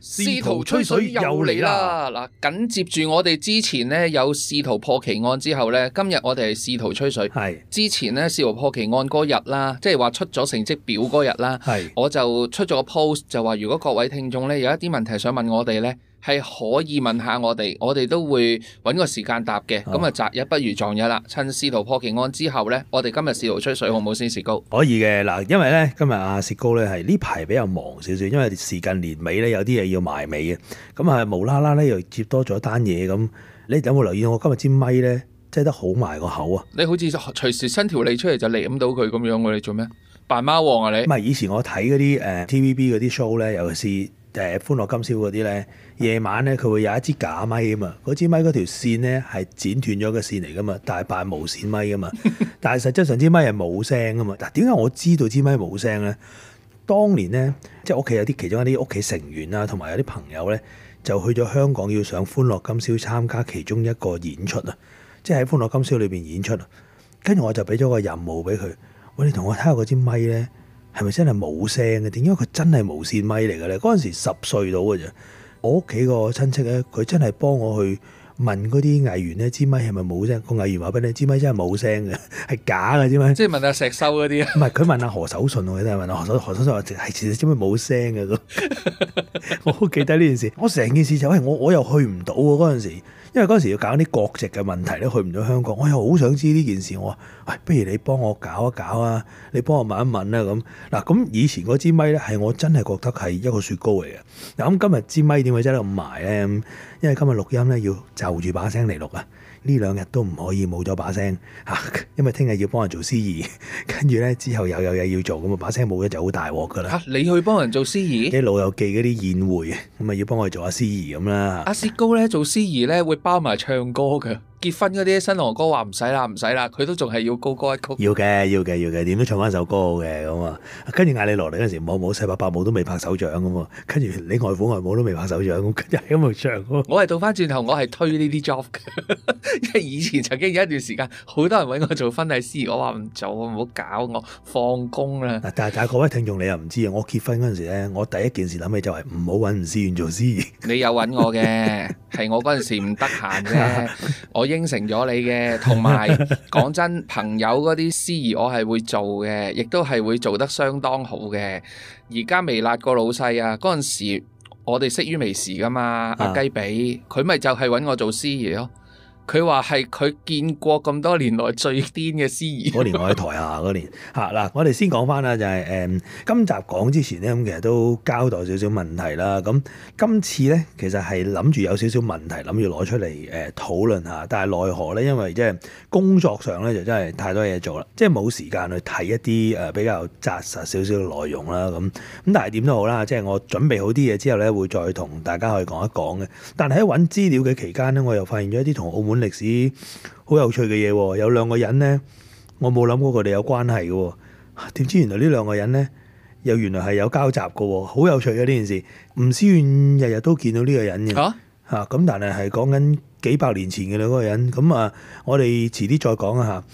試圖吹水又嚟啦！嗱，緊接住我哋之前咧有試圖破奇案之後咧，今日我哋係試圖吹水。係是之前咧試圖破奇案嗰日啦，即係話出咗成績表嗰日啦，係是我就出咗個 post 就話如果各位聽眾咧有一啲問題想問我哋咧。係可以問下我哋，我哋都會揾個時間答嘅。咁啊，擇日不如撞日啦！趁試圖破奇案之後咧，我哋今日試圖吹水好唔好先，薛高？可以嘅，嗱，因為咧今日阿薛高咧係呢排比較忙少少，因為時近年尾咧有啲嘢要埋尾嘅。咁啊無啦啦咧又接多咗單嘢咁，你有冇留意我今日支咪咧擠得好埋個口啊？你好似隨時伸條脷出嚟就嚟舐到佢咁樣喎！你做咩扮貓王啊你？唔係以前我睇嗰啲誒 TVB 嗰啲 show 咧，尤其是誒歡樂今宵嗰啲咧。夜晚咧，佢會有一支假咪啊嘛。嗰支咪嗰條線咧係剪斷咗嘅線嚟㗎嘛，但係扮無線咪啊嘛。但係實質上，支咪係冇聲啊嘛。嗱，點解我知道支咪冇聲咧？當年咧，即係屋企有啲其中一啲屋企成員啦、啊，同埋有啲朋友咧，就去咗香港要上《歡樂今宵》參加其中一個演出啊，即係喺《歡樂今宵》裏邊演出啊。跟住我就俾咗個任務俾佢，喂，你同我睇下嗰支咪咧係咪真係冇聲嘅？點解佢真係無線咪嚟嘅咧？嗰陣時十歲到嘅啫。我屋企個親戚咧，佢真係幫我去問嗰啲藝員咧，支咪係咪冇聲？個藝員話俾你支咪真係冇聲嘅，係假嘅支咪。即係問下石修嗰啲啊？唔係，佢問下何守信，我佢真係問何守何守信話，係其實支咪冇聲嘅。 我好記得呢件事，我成件事就係我我又去唔到嗰陣時。因為嗰時要搞啲國籍嘅問題咧，去唔到香港，我又好想知呢件事。我話，喂、哎，不如你幫我搞一搞啊，你幫我問一問啦咁。嗱，咁以前嗰支咪咧，係我真係覺得係一個雪糕嚟嘅。嗱，咁今日支咪點解真係咁埋咧？因為今日錄音咧要就住把聲嚟錄啊。呢兩日都唔可以冇咗把聲嚇、啊，因為聽日要幫人做司儀，跟住咧之後又有嘢要做，咁啊把聲冇咗就好大鑊噶啦！嚇，你去幫人做司儀？啲《老友記》嗰啲宴會，咁啊要幫我哋做下司儀咁啦。阿薛高咧做司儀咧，會包埋唱歌噶。結婚嗰啲新郎哥話唔使啦，唔使啦，佢都仲係要高歌一曲。要嘅，要嘅，要嘅，點樣唱翻首歌嘅咁啊！跟住嗌你落嚟嗰陣時，母母細伯伯母都未拍手掌咁啊！跟住你外父外母都未拍手掌，咁跟住喺度唱。我係倒翻轉頭，我係推呢啲 job 嘅，因為以前曾經有一段時間，好多人揾我做婚禮司儀，我話唔做，唔好搞我放工啦。但係但係各位聽眾你又唔知啊！我結婚嗰陣時咧，我第一件事諗起就係唔好揾吳思遠做司儀。你有揾我嘅，係我嗰陣時唔得閒啫，我。應承咗你嘅，同埋講真，朋友嗰啲司儀我係會做嘅，亦都係會做得相當好嘅。而家微辣個老細啊，嗰陣時我哋識於微時噶嘛，uh. 阿雞髀佢咪就係揾我做司儀咯，啊。佢話係佢見過咁多年來最癲嘅司儀。嗰 年我喺台下，嗰年嚇嗱、啊，我哋先講翻啦，就係誒今集講之前呢，咁其實都交代少少問題啦。咁、嗯、今次呢，其實係諗住有少少問題諗住攞出嚟誒、嗯、討論下，但係奈何呢，因為即係工作上呢，就真係太多嘢做啦，即係冇時間去睇一啲誒比較紮實少少嘅內容啦。咁、嗯、咁但係點都好啦，即、就、係、是、我準備好啲嘢之後呢，會再同大家去講一講嘅。但係喺揾資料嘅期間呢，我又發現咗一啲同澳門歷史好有趣嘅嘢，有兩個人呢，我冇諗過佢哋有關係嘅，點知原來呢兩個人呢，又原來係有交集嘅，好有趣啊！呢件事，吳思遠日日都見到呢個人嘅吓，咁但係係講緊幾百年前嘅啦，兩個人，咁啊，我哋遲啲再講一下。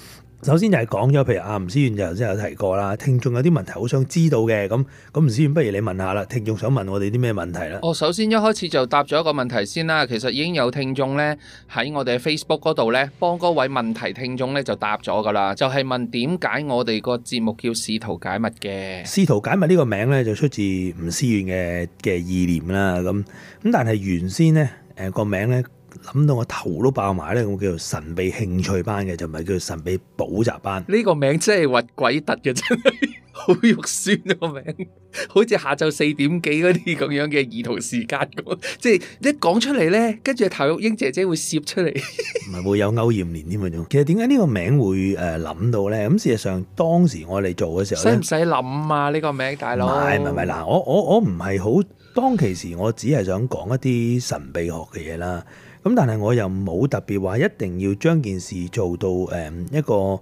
首先就係講咗，譬如阿吳思遠就頭先有提過啦。聽眾有啲問題好想知道嘅，咁咁吳思遠，不如你問下啦。聽眾想問我哋啲咩問題啦？哦，首先一開始就答咗一個問題先啦。其實已經有聽眾咧喺我哋 Facebook 嗰度咧幫嗰位問題聽眾咧就答咗噶啦，就係、是、問點解我哋個節目叫《試圖解密》嘅。《試圖解密》呢個名咧就出自吳思遠嘅嘅意念啦。咁咁但係原先咧，誒、呃、個名咧。諗到我頭都爆埋咧，我叫做神秘興趣班嘅，就唔係叫神秘補習班。呢個名真係核鬼突嘅，真係 好肉酸個名，好似下晝四點幾嗰啲咁樣嘅兒童時間咁。即係一講出嚟咧，跟住譚玉英姐姐會攝出嚟，唔 係會有歐艷蓮添嘛？仲其實點解呢個名會誒諗到咧？咁事實上當時我哋做嘅時候，使唔使諗啊？呢、這個名大佬，唔係唔係嗱，我我我唔係好當其時，我，我，時，我只係想講一啲神秘學嘅嘢啦。咁但係我又冇特別話一定要將件事做到誒一個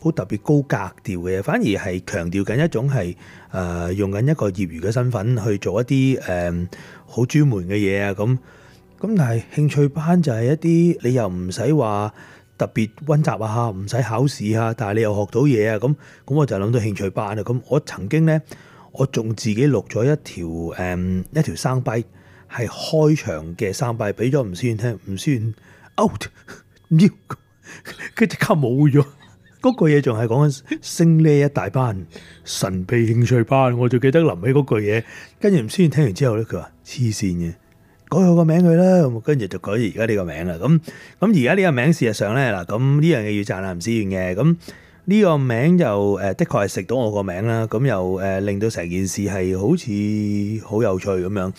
好特別高格調嘅，反而係強調緊一種係誒用緊一個業餘嘅身份去做一啲誒好專門嘅嘢啊！咁咁但係興趣班就係一啲你又唔使話特別温習啊，唔使考試啊，但係你又學到嘢啊！咁咁我就諗到興趣班啊！咁我曾經咧，我仲自己錄咗一條誒一條生啤。係開場嘅三拜，俾咗吳思遠聽，吳思遠 out，喵，佢即刻冇咗。嗰句嘢仲係講緊升呢一大班神秘興趣班。我仲記得臨尾嗰句嘢，跟住吳思遠聽完之後咧，佢話：黐線嘅，改下個名佢啦。咁跟住就改而家呢個名啦。咁咁而家呢個名事實上咧嗱，咁呢樣嘢要讚啊吳思遠嘅。咁呢個名就誒的確係食到我個名啦。咁又誒令到成件事係好似好有趣咁樣。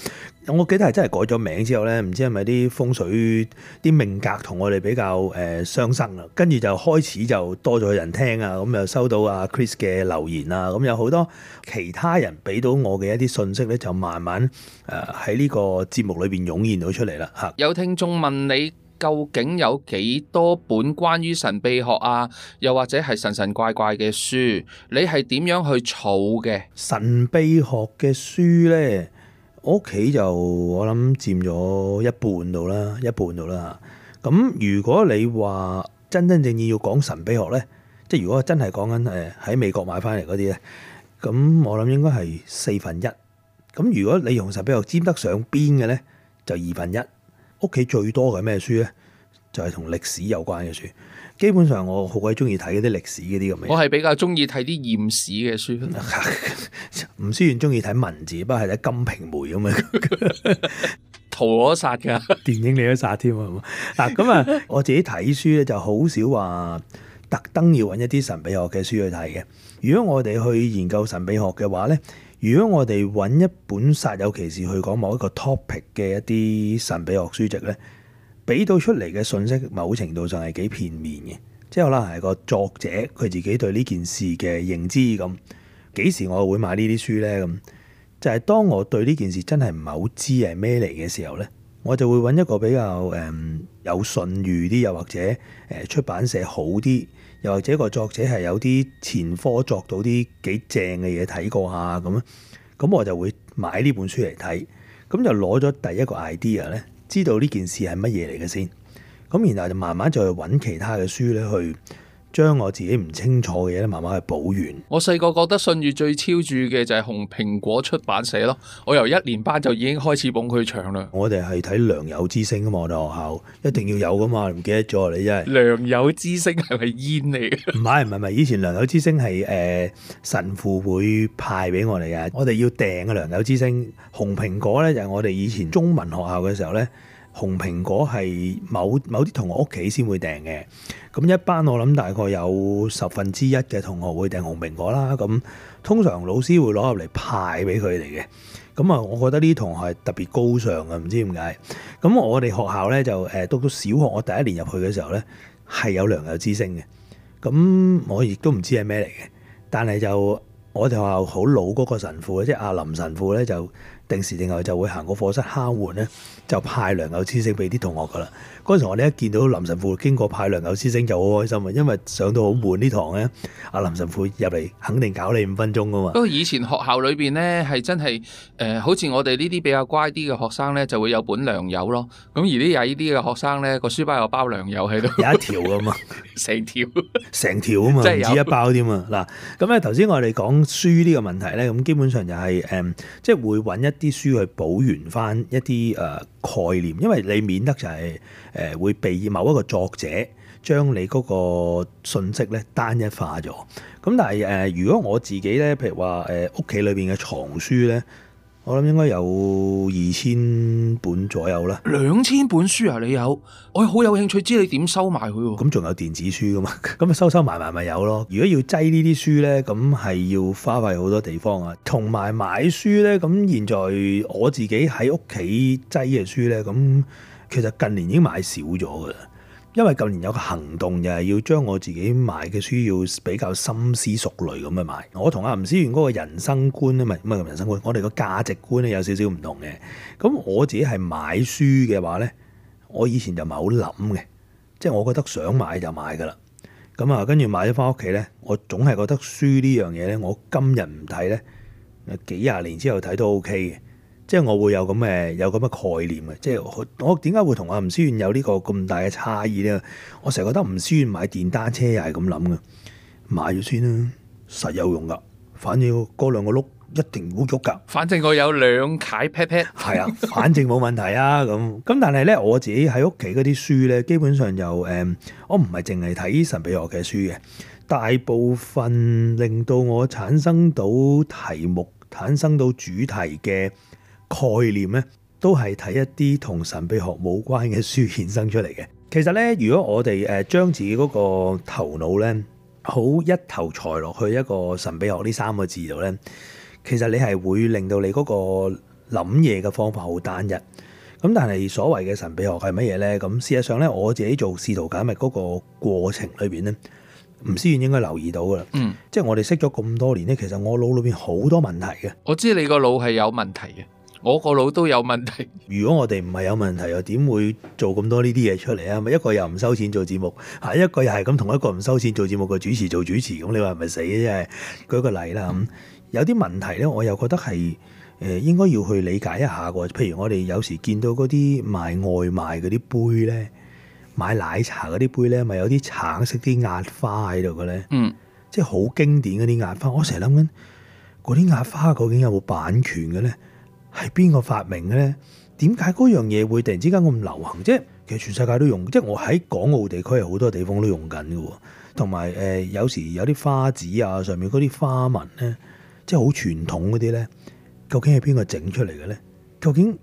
我記得係真係改咗名之後呢，唔知係咪啲風水啲命格同我哋比較誒相生啦，跟住就開始就多咗人聽啊，咁又收到阿 Chris 嘅留言啊，咁有好多其他人俾到我嘅一啲信息呢，就慢慢喺呢個節目裏邊湧現到出嚟啦。吓，有聽眾問你究竟有幾多本關於神秘學啊，又或者係神神怪怪嘅書，你係點樣去儲嘅神秘學嘅書呢？屋企就我諗佔咗一半到啦，一半到啦。咁如果你話真真正正要講神秘學咧，即係如果真係講緊誒喺美國買翻嚟嗰啲咧，咁我諗應該係四分一。咁如果你用神秘學佔得上邊嘅咧，就二分一。屋企最多嘅咩書咧，就係同歷史有關嘅書。基本上我好鬼中意睇啲歷史嗰啲咁嘅。我係比較中意睇啲驗史嘅書。唔 雖然中意睇文字，不過係睇《金瓶梅》咁 樣 殺，屠我殺噶，電影你都殺添啊！嗱，咁啊，我自己睇書咧，就好少話特登要揾一啲神秘學嘅書去睇嘅。如果我哋去研究神秘學嘅話咧，如果我哋揾一本《殺有其事》去講某一個 topic 嘅一啲神秘學書籍咧。俾到出嚟嘅信息，某程度上係幾片面嘅，即係啦，係個作者佢自己對呢件事嘅認知咁。幾時我會買呢啲書呢？咁就係當我對呢件事真係唔係好知係咩嚟嘅時候呢，我就會揾一個比較誒、嗯、有信譽啲，又或者出版社好啲，又或者個作者係有啲前科作到啲幾正嘅嘢睇過下。咁，咁我就會買呢本書嚟睇，咁就攞咗第一個 idea 呢。知道呢件事係乜嘢嚟嘅先，咁然後就慢慢再揾其他嘅書咧去。將我自己唔清楚嘅嘢咧，慢慢去補完。我細個覺得信譽最超住嘅就係、是、紅蘋果出版社咯。我由一年班就已經開始捧佢場啦。我哋係睇良友之星噶嘛，我哋學校一定要有噶嘛。唔記得咗你真係。良友之星係咪煙嚟？唔係唔係唔係，以前良友之星係誒、呃、神父會派俾我哋嘅。我哋要訂嘅良友之星，紅蘋果咧就係、是、我哋以前中文學校嘅時候咧。紅蘋果係某某啲同學屋企先會訂嘅，咁一班我諗大概有十分之一嘅同學會訂紅蘋果啦。咁通常老師會攞入嚟派俾佢哋嘅。咁啊，我覺得呢啲同學係特別高尚嘅，唔知點解。咁我哋學校咧就誒讀到小學，我第一年入去嘅時候咧係有良友之星嘅。咁我亦都唔知係咩嚟嘅，但係就我哋學校好老嗰個神父即係阿林神父咧，就定時定候就會行過課室敲門咧。就派良友知性俾啲同學噶啦，嗰陣時我哋一見到林神父經過派良友知性就好開心啊，因為上到好悶呢堂咧，阿林神父入嚟肯定搞你五分鐘噶嘛。不過以前學校裏邊咧係真係誒，好似我哋呢啲比較乖啲嘅學生咧，就會有本良友咯。咁而啲有依啲嘅學生咧，個書包有包良友喺度，有一條啊嘛，成條成條啊嘛，即係唔止一包添啊嗱。咁咧頭先我哋講書呢個問題咧，咁基本上就係誒，即係會揾一啲書去補完翻一啲誒。概念，因為你免得就係誒會被某一個作者將你嗰個信息咧單一化咗。咁但係誒、呃，如果我自己咧，譬如話誒屋企裏邊嘅藏書咧。我諗應該有二千本左右啦，兩千本書啊，你有，我好有興趣知你點收埋佢喎。咁仲有電子書噶嘛？咁 收收埋埋咪有咯。如果要擠呢啲書咧，咁係要花費好多地方啊。同埋買書咧，咁現在我自己喺屋企擠嘅書咧，咁其實近年已經買少咗噶。因為近年有個行動，就係要將我自己買嘅書要比較深思熟慮咁去買。我同阿吳思遠嗰個人生觀啊嘛，唔係咁人生觀，我哋個價值觀咧有少少唔同嘅。咁我自己係買書嘅話咧，我以前就唔係好諗嘅，即係我覺得想買就買噶啦。咁啊，跟住買咗返屋企咧，我總係覺得書呢樣嘢咧，我今日唔睇咧，幾廿年之後睇都 OK 嘅。即係我會有咁，誒有咁嘅概念嘅，即係我點解會同阿吳思遠有呢個咁大嘅差異咧？我成日覺得吳思遠買電單車又係咁諗嘅，買咗先啦，實有用噶。反正嗰兩個碌一定會喐㗎。反正我有兩攤 pat pat 係啊，反正冇問題啊。咁咁，但係咧我自己喺屋企嗰啲書咧，基本上又誒、呃，我唔係淨係睇神俾我嘅書嘅，大部分令到我產生到題目產生到主題嘅。概念咧都係睇一啲同神秘學冇關嘅書衍生出嚟嘅。其實咧，如果我哋誒將自己嗰個頭腦咧，好一頭栽落去一個神秘學呢三個字度咧，其實你係會令到你嗰個諗嘢嘅方法好單一。咁但係所謂嘅神秘學係乜嘢咧？咁事實上咧，我自己做試圖解密嗰個過程裏邊咧，吳思遠應該留意到噶啦。嗯，即係我哋識咗咁多年咧，其實我腦裏邊好多問題嘅。我知你個腦係有問題嘅。我個腦都有問題。如果我哋唔係有問題，又點會做咁多呢啲嘢出嚟啊？咪一個又唔收錢做節目，嚇一個又係咁同一個唔收錢做節目嘅主持做主持咁，你話係咪死啫？舉個例啦，咁、嗯、有啲問題咧，我又覺得係誒、呃、應該要去理解一下喎。譬如我哋有時見到嗰啲賣外賣嗰啲杯咧，買奶茶嗰啲杯咧，咪有啲橙色啲壓花喺度嘅咧？嗯、即係好經典嗰啲壓花，我成日諗緊嗰啲壓花究竟有冇版權嘅咧？係邊個發明嘅咧？點解嗰樣嘢會突然之間咁流行？即係其實全世界都用，即係我喺港澳地區係好多地方都用緊嘅。同埋誒，有時有啲花紙啊，上面嗰啲花紋咧，即係好傳統嗰啲咧，究竟係邊個整出嚟嘅咧？究竟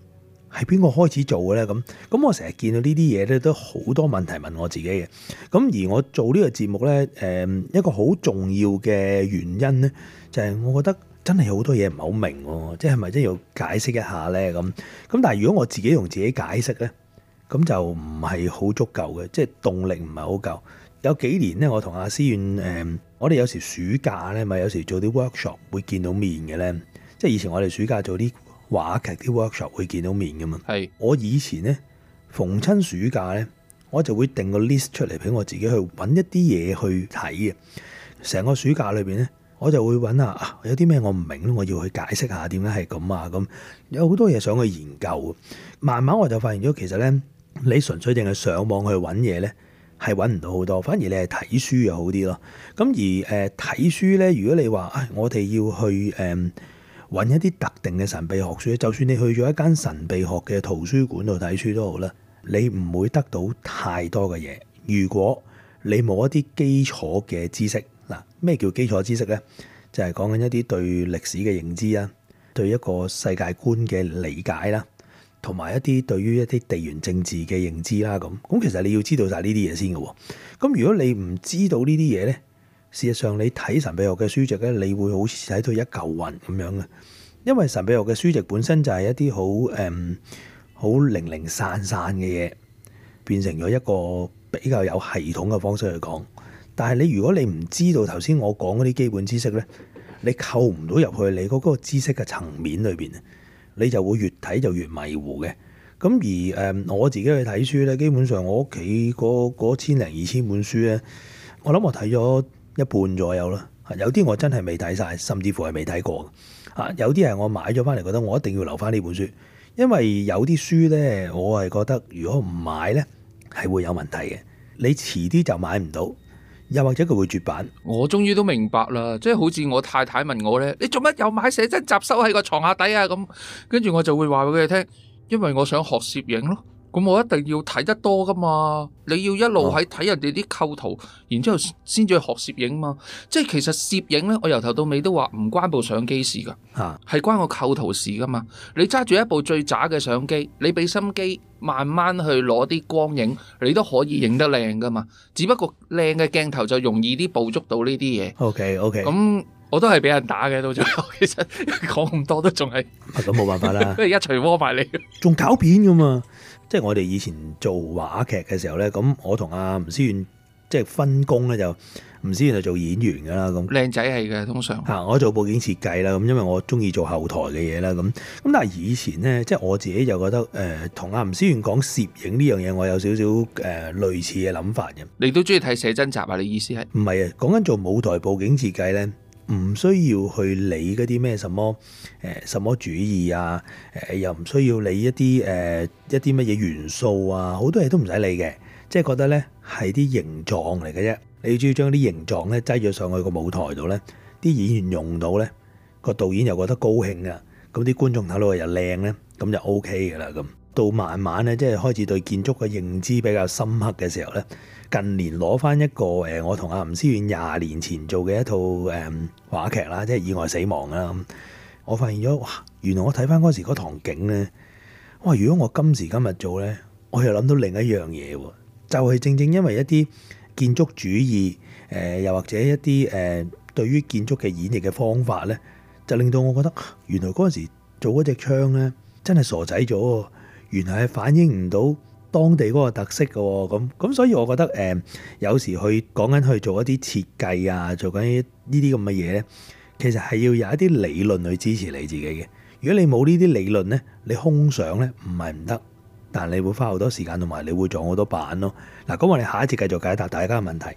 係邊個開始做嘅咧？咁咁我成日見到呢啲嘢咧，都好多問題問我自己嘅。咁而我做呢個節目咧，誒，一個好重要嘅原因咧，就係我覺得。真係好多嘢唔係好明喎，即係咪真要解釋一下咧？咁咁，但係如果我自己同自己解釋咧，咁就唔係好足夠嘅，即係動力唔係好夠。有幾年咧、嗯，我同阿思遠誒，我哋有時暑假咧咪有時做啲 workshop 會見到面嘅咧，即係以前我哋暑假做啲話劇啲 workshop 會見到面嘅嘛。係是我以前咧逢親暑假咧，我就會定個 list 出嚟俾我自己去揾一啲嘢去睇嘅，成個暑假裏邊咧。我就會揾啊，有啲咩我唔明，我要去解釋下點解係咁啊咁。有好多嘢想去研究，慢慢我就發現咗其實咧，你純粹淨係上網去揾嘢咧，係揾唔到好多。反而你係睇書又好啲咯。咁而誒睇、呃、書咧，如果你話啊、哎，我哋要去誒揾、呃、一啲特定嘅神秘學書，就算你去咗一間神秘學嘅圖書館度睇書都好啦，你唔會得到太多嘅嘢，如果你冇一啲基礎嘅知識。嗱，咩叫基礎知識咧？就係講緊一啲對歷史嘅認知啦，對一個世界觀嘅理解啦，同埋一啲對於一啲地緣政治嘅認知啦。咁，咁其實你要知道晒呢啲嘢先嘅。咁如果你唔知道呢啲嘢咧，事實上你睇神秘學嘅書籍咧，你會好似睇到一嚿雲咁樣嘅。因為神秘學嘅書籍本身就係一啲好誒好零零散散嘅嘢，變成咗一個比較有系統嘅方式去講。但係你如果你唔知道頭先我講嗰啲基本知識呢，你扣唔到入去你嗰個知識嘅層面裏邊，你就會越睇就越迷糊嘅。咁而誒、呃、我自己去睇書呢，基本上我屋企嗰千零二千本書呢，我諗我睇咗一半左右啦。有啲我真係未睇晒，甚至乎係未睇過。啊，有啲係我買咗翻嚟，覺得我一定要留翻呢本書，因為有啲書呢，我係覺得如果唔買呢，係會有問題嘅。你遲啲就買唔到。又或者佢會絕版。我終於都明白啦，即係好似我太太問我咧：你做乜又買寫真集收喺個床下底啊？咁跟住我就會話畀佢聽，因為我想學攝影咯。咁我一定要睇得多噶嘛，你要一路喺睇人哋啲構圖，哦、然之後先至去學攝影嘛。即係其實攝影呢，我由頭到尾都話唔關部相機事噶，係、啊、關個構圖事噶嘛。你揸住一部最渣嘅相機，你俾心機慢慢去攞啲光影，你都可以影得靚噶嘛。只不過靚嘅鏡頭就容易啲捕捉到呢啲嘢。OK，OK，咁我都係俾人打嘅到最後，其實講咁多都仲係咁冇辦法啦。一錘鍋埋你，仲搞片噶嘛？即係我哋以前做話劇嘅時候呢，咁我同阿吳思遠即係分工呢，就，吳思遠就做演員㗎啦咁。靚仔係嘅，通常。啊、嗯，我做佈景設計啦，咁因為我中意做後台嘅嘢啦咁。咁但係以前呢，即係我自己就覺得誒，同、呃、阿吳思遠講攝影呢樣嘢，我有少少誒類似嘅諗法嘅。你都中意睇寫真集啊？你意思係？唔係啊，講緊做舞台佈景設計呢。唔需要去理嗰啲咩什麼誒什麼主義啊，誒、呃、又唔需要理一啲誒、呃、一啲乜嘢元素啊，好多嘢都唔使理嘅，即係覺得咧係啲形狀嚟嘅啫。你只要將啲形狀咧擠咗上去個舞台度咧，啲演員用到咧，個導演又覺得高興啊，咁啲觀眾睇到又靚咧，咁就 O K 㗎喇咁。到慢慢咧，即係開始對建築嘅認知比較深刻嘅時候咧，近年攞翻一個誒，我同阿吳思遠廿年前做嘅一套誒、嗯、話劇啦，即係意外死亡啦。我發現咗哇，原來我睇翻嗰時嗰堂景咧，哇！如果我今時今日做咧，我又諗到另一樣嘢喎，就係、是、正正因為一啲建築主義誒、呃，又或者一啲誒、呃、對於建築嘅演繹嘅方法咧，就令到我覺得原來嗰陣時做嗰隻槍咧，真係傻仔咗。原來係反映唔到當地嗰個特色嘅喎、哦，咁咁所以我覺得誒、呃，有時去講緊去做一啲設計啊，做緊呢啲咁嘅嘢咧，其實係要有一啲理論去支持你自己嘅。如果你冇呢啲理論咧，你空想咧唔係唔得，但係你會花好多時間同埋你會撞好多板咯。嗱，咁我哋下一節繼續解答大家嘅問題。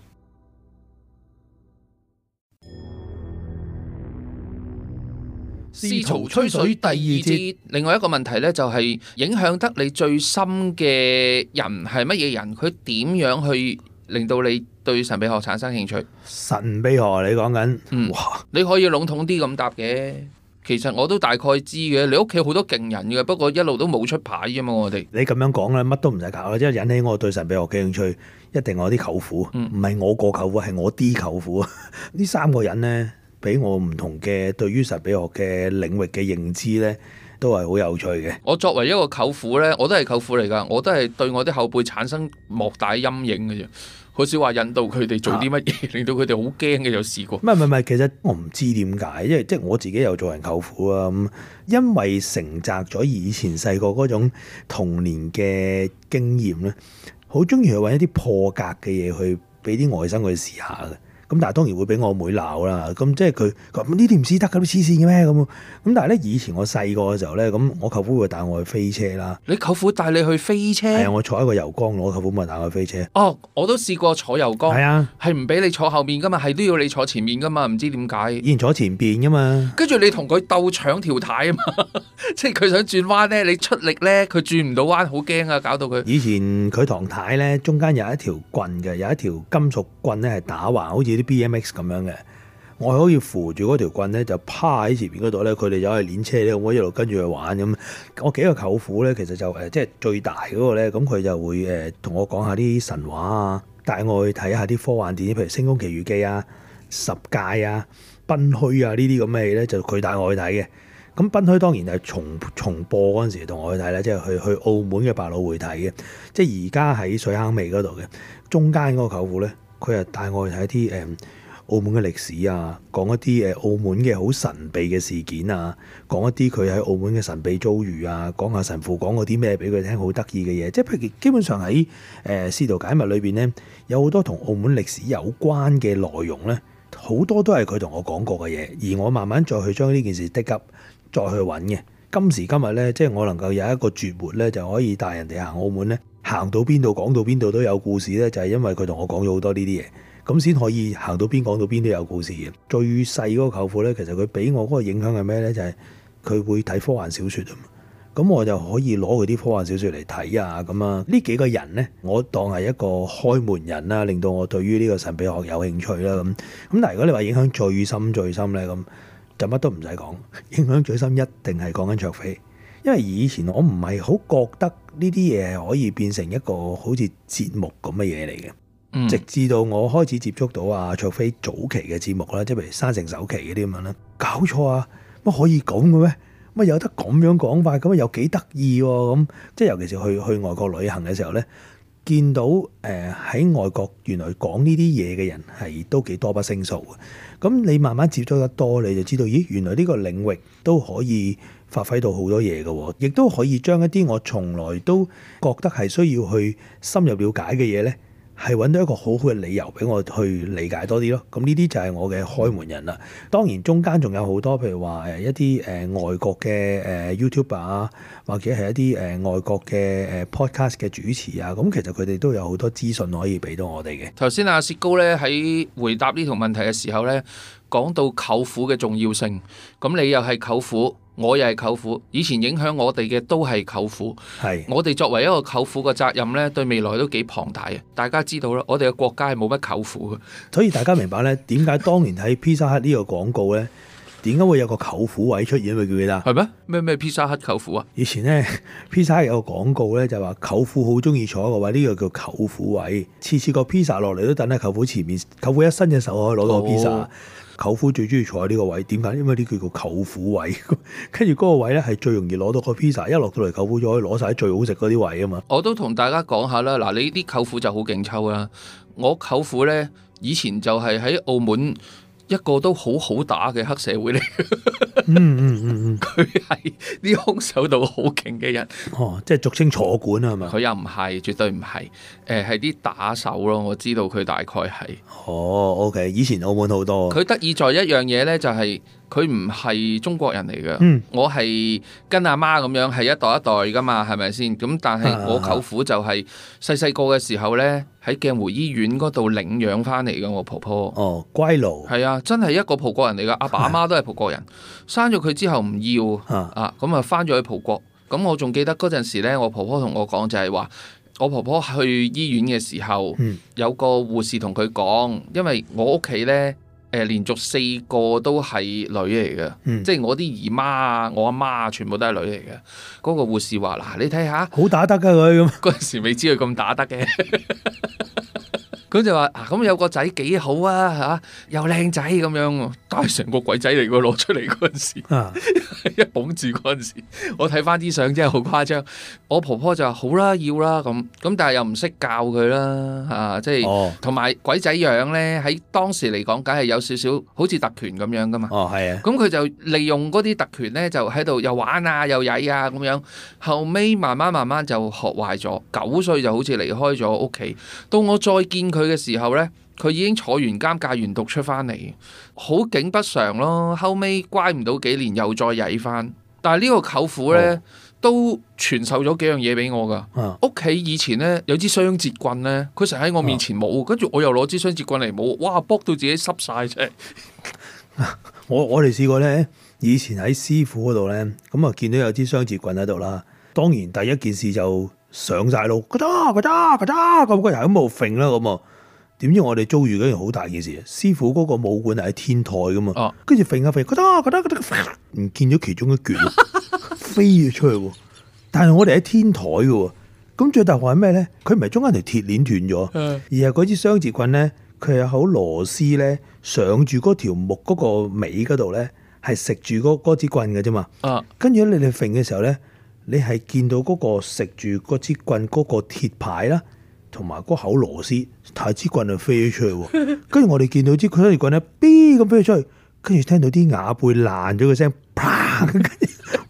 試圖吹水第二節，另外一個問題呢，就係影響得你最深嘅人係乜嘢人？佢點樣去令到你對神秘學產生興趣？神秘學你講緊，嗯、哇你可以籠統啲咁答嘅。其實我都大概知嘅。你屋企好多勁人嘅，不過一路都冇出牌啫嘛。我哋你咁樣講咧，乜都唔使搞啦。即係引起我對神秘學嘅興趣，一定我啲舅父，唔係、嗯、我個舅父，係我啲舅父啊。呢 三個人呢。俾我唔同嘅對於神秘學嘅領域嘅認知咧，都係好有趣嘅。我作為一個舅父咧，我都係舅父嚟噶，我都係對我啲後輩產生莫大陰影嘅啫，好少話引導佢哋做啲乜嘢，啊、令到佢哋好驚嘅。有試過？唔係唔係，其實我唔知點解，因為即係我自己又做人舅父啊。咁、嗯、因為承襲咗以前細個嗰種童年嘅經驗咧，好中意去揾一啲破格嘅嘢去俾啲外甥去試下嘅。咁但係當然會俾我妹鬧啦，咁即係佢呢啲唔知得噶，都黐線嘅咩咁？咁但係咧，以前我細個嘅時候咧，咁我舅父會帶我去飛車啦。你舅父帶你去飛車？係啊，我坐一個油缸，我舅父咪帶我去飛車。哦，我都試過坐油缸，係啊，係唔俾你坐後面噶嘛，係都要你坐前面噶嘛，唔知點解？以前坐前邊噶嘛。跟住你同佢鬥搶條軚啊嘛， 即係佢想轉彎咧，你出力咧，佢轉唔到彎，好驚啊！搞到佢。以前佢堂太咧，中間有一條棍嘅，有一條金屬棍咧，係打橫好似，啲 B M X 咁樣嘅，我可以扶住嗰條棍咧，就趴喺前邊嗰度咧。佢哋走去練車咧，我一路跟住去玩咁。我幾個舅父咧，其實就誒、呃，即係最大嗰個咧，咁佢就會誒同、呃、我講下啲神話啊，帶我去睇下啲科幻電影，譬如《星空奇遇記》啊，《十界》啊，《奔墟》啊呢啲咁嘅嘢咧，就佢帶我去睇嘅。咁《奔墟」當然係重重播嗰陣時同我去睇咧，即係去去澳門嘅百老匯睇嘅，即係而家喺水坑尾嗰度嘅中間嗰個舅父咧。佢啊帶我去睇一啲誒、嗯、澳門嘅歷史啊，講一啲誒、呃、澳門嘅好神秘嘅事件啊，講一啲佢喺澳門嘅神秘遭遇啊，講下神父講過啲咩俾佢聽，好得意嘅嘢。即係譬如基本上喺誒司徒解密裏邊咧，有好多同澳門歷史有關嘅內容咧，好多都係佢同我講過嘅嘢，而我慢慢再去將呢件事疊急，再去揾嘅。今時今日咧，即係我能夠有一個絕活咧，就可以帶人哋行澳門咧。行到邊度講到邊度都有故事呢就係因為佢同我講咗好多呢啲嘢，咁先可以行到邊講到邊都有故事嘅。最細嗰個舅父呢，其實佢俾我嗰個影響係咩呢？就係佢會睇科幻小説啊咁我就可以攞佢啲科幻小説嚟睇啊咁啊。呢幾個人呢，我當係一個開門人啦，令到我對於呢個神秘學有興趣啦。咁咁，但係如果你話影響最深最深呢，咁就乜都唔使講，影響最深一定係講緊卓飛。因為以前我唔係好覺得呢啲嘢可以變成一個好似節目咁嘅嘢嚟嘅，直至到我開始接觸到啊，卓飛早期嘅節目啦，即係譬如山城首期嗰啲咁樣啦。搞錯啊，乜可以咁嘅咩？乜有得咁樣講法？咁啊有幾得意喎？咁即係尤其是去去外國旅行嘅時候咧，見到誒喺、呃、外國原來講呢啲嘢嘅人係都幾多不勝數嘅。咁你慢慢接觸得多，你就知道，咦，原來呢個領域都可以。發揮到好多嘢嘅、哦，亦都可以將一啲我從來都覺得係需要去深入了解嘅嘢呢，係揾到一個好好嘅理由俾我去理解多啲咯。咁呢啲就係我嘅開門人啦。當然中間仲有好多，譬如話誒一啲誒外國嘅誒 YouTuber 啊，或者係一啲誒外國嘅誒 Podcast 嘅主持啊。咁、嗯、其實佢哋都有好多資訊可以俾到我哋嘅。頭先阿薛高呢，喺回答呢條問題嘅時候呢，講到舅父嘅重要性，咁你又係舅父。我又係舅父，以前影響我哋嘅都係舅父。係是，我哋作為一個舅父嘅責任呢，對未來都幾龐大嘅。大家知道啦，我哋嘅國家係冇乜舅父嘅，所以大家明白呢，點解當年喺 Pizza Hut 呢個廣告呢，點解會有個舅父位出現？記唔記得？係咩？咩咩 Pizza Hut 舅父啊？以前呢 Pizza Hut 有個廣告呢，就話舅父好中意坐一個位，呢、這個叫舅父位。次次個 Pizza 落嚟都等喺舅父前面，舅父一伸隻手可以攞到個 Pizza。Oh. 舅父最中意坐喺呢個位，點解？因為呢個叫舅父位，跟住嗰個位呢，係最容易攞到個 pizza，一落到嚟舅父就可以攞晒最好食嗰啲位啊嘛！我都同大家講下啦，嗱，你啲舅父就好勁抽啦，我舅父呢，以前就係喺澳門。一個都好好打嘅黑社會嚟、 嗯，嗯嗯嗯，佢係啲空手道好勁嘅人，哦，即係俗稱坐管係咪？佢又唔係，絕對唔係，誒係啲打手咯。我知道佢大概係，哦，OK，以前澳門好多。佢得意在一樣嘢咧，就係、是。佢唔係中國人嚟嘅，嗯、我係跟阿媽咁樣係一代一代噶嘛，係咪先？咁但係我舅父就係細細個嘅時候呢，喺、啊、鏡湖醫院嗰度領養翻嚟嘅我婆婆。哦，鬼佬係啊，真係一個葡國人嚟嘅，阿爸阿媽都係葡國人。啊、生咗佢之後唔要啊，咁啊翻咗去葡國。咁我仲記得嗰陣時咧，我婆婆同我講就係話，我婆婆去醫院嘅時候有個護士同佢講，因為我屋企呢。誒連續四個都係女嚟嘅，嗯、即係我啲姨媽啊、我阿媽全部都係女嚟嘅。嗰、嗰個護士話：嗱，你睇下，好打得㗎佢咁。嗰陣 時未知佢咁打得嘅。 佢、 嗯、就話：啊，咁、嗯、有個仔幾好啊嚇、啊，又靚仔咁樣，但係成個鬼仔嚟嘅攞出嚟嗰陣時， 一捧住嗰陣時，我睇翻啲相真係好誇張。我婆婆就話：好啦，要啦咁，咁、啊嗯、但係又唔識教佢啦嚇，即係同埋鬼仔樣呢，喺當時嚟講，梗係有少少好似特權咁樣噶嘛。哦，係啊。咁佢、嗯、就利用嗰啲特權呢，就喺度又玩啊，又曳啊咁樣。後尾慢慢慢慢就學壞咗，九歲就好似離開咗屋企，到我再見佢佢嘅時候咧，佢已經坐完監、戒完毒出翻嚟，好景不常咯。後尾乖唔到幾年，又再曳翻。但係呢個舅父咧，都傳授咗幾樣嘢俾我噶。屋企以前咧有支雙截棍咧，佢成日喺我面前舞。跟住我又攞支雙截棍嚟舞，哇，卜到自己濕晒真係。我我哋試過咧，以前喺師傅嗰度咧，咁啊見到有支雙截棍喺度啦。當然第一件事就上晒路，咔嚓、咔嚓、咔嚓，咁個人都冇揈啦咁啊。點知我哋遭遇一件好大件事，師傅嗰個武館係喺天台噶嘛？跟住揈下揈，覺得覺得覺得，唔、啊啊啊啊啊啊、見咗其中一卷飛咗出去。 但係我哋喺天台噶，咁最大壞係咩咧？佢唔係中間條鐵鏈斷咗，嗯、而係嗰支雙截棍咧，佢有口螺絲咧，上住嗰條木嗰個尾嗰度咧，係食住嗰支棍嘅啫嘛。跟住、啊、你哋揈嘅時候咧，你係見到嗰個食住嗰支棍嗰個鐵牌啦。同埋個口螺絲，太子棍就飛咗出去。跟住我哋見到支太子棍咧，B 咁飛咗出去，跟住聽到啲瓦背爛咗嘅聲，啪！跟住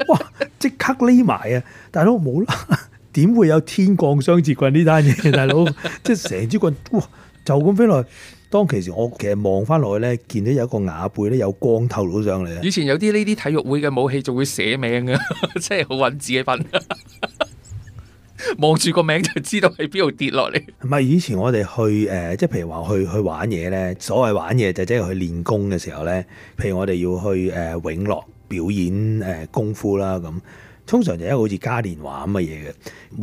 哇，即刻匿埋啊！大佬冇啦，點會有天降雙截棍呢單嘢？大佬即係成支棍哇，就咁飛落去。當其時我其實望翻落去咧，見到有一個瓦背咧有光透到上嚟啊！以前有啲呢啲體育會嘅武器仲會寫名嘅，真係好揾自己分。望住個名就知道喺邊度跌落嚟。唔係以前我哋去誒、呃，即係譬如話去去玩嘢咧，所謂玩嘢就即係去練功嘅時候咧。譬如我哋要去誒、呃、永樂表演誒、呃、功夫啦，咁通常就一個好似嘉年華咁嘅嘢嘅。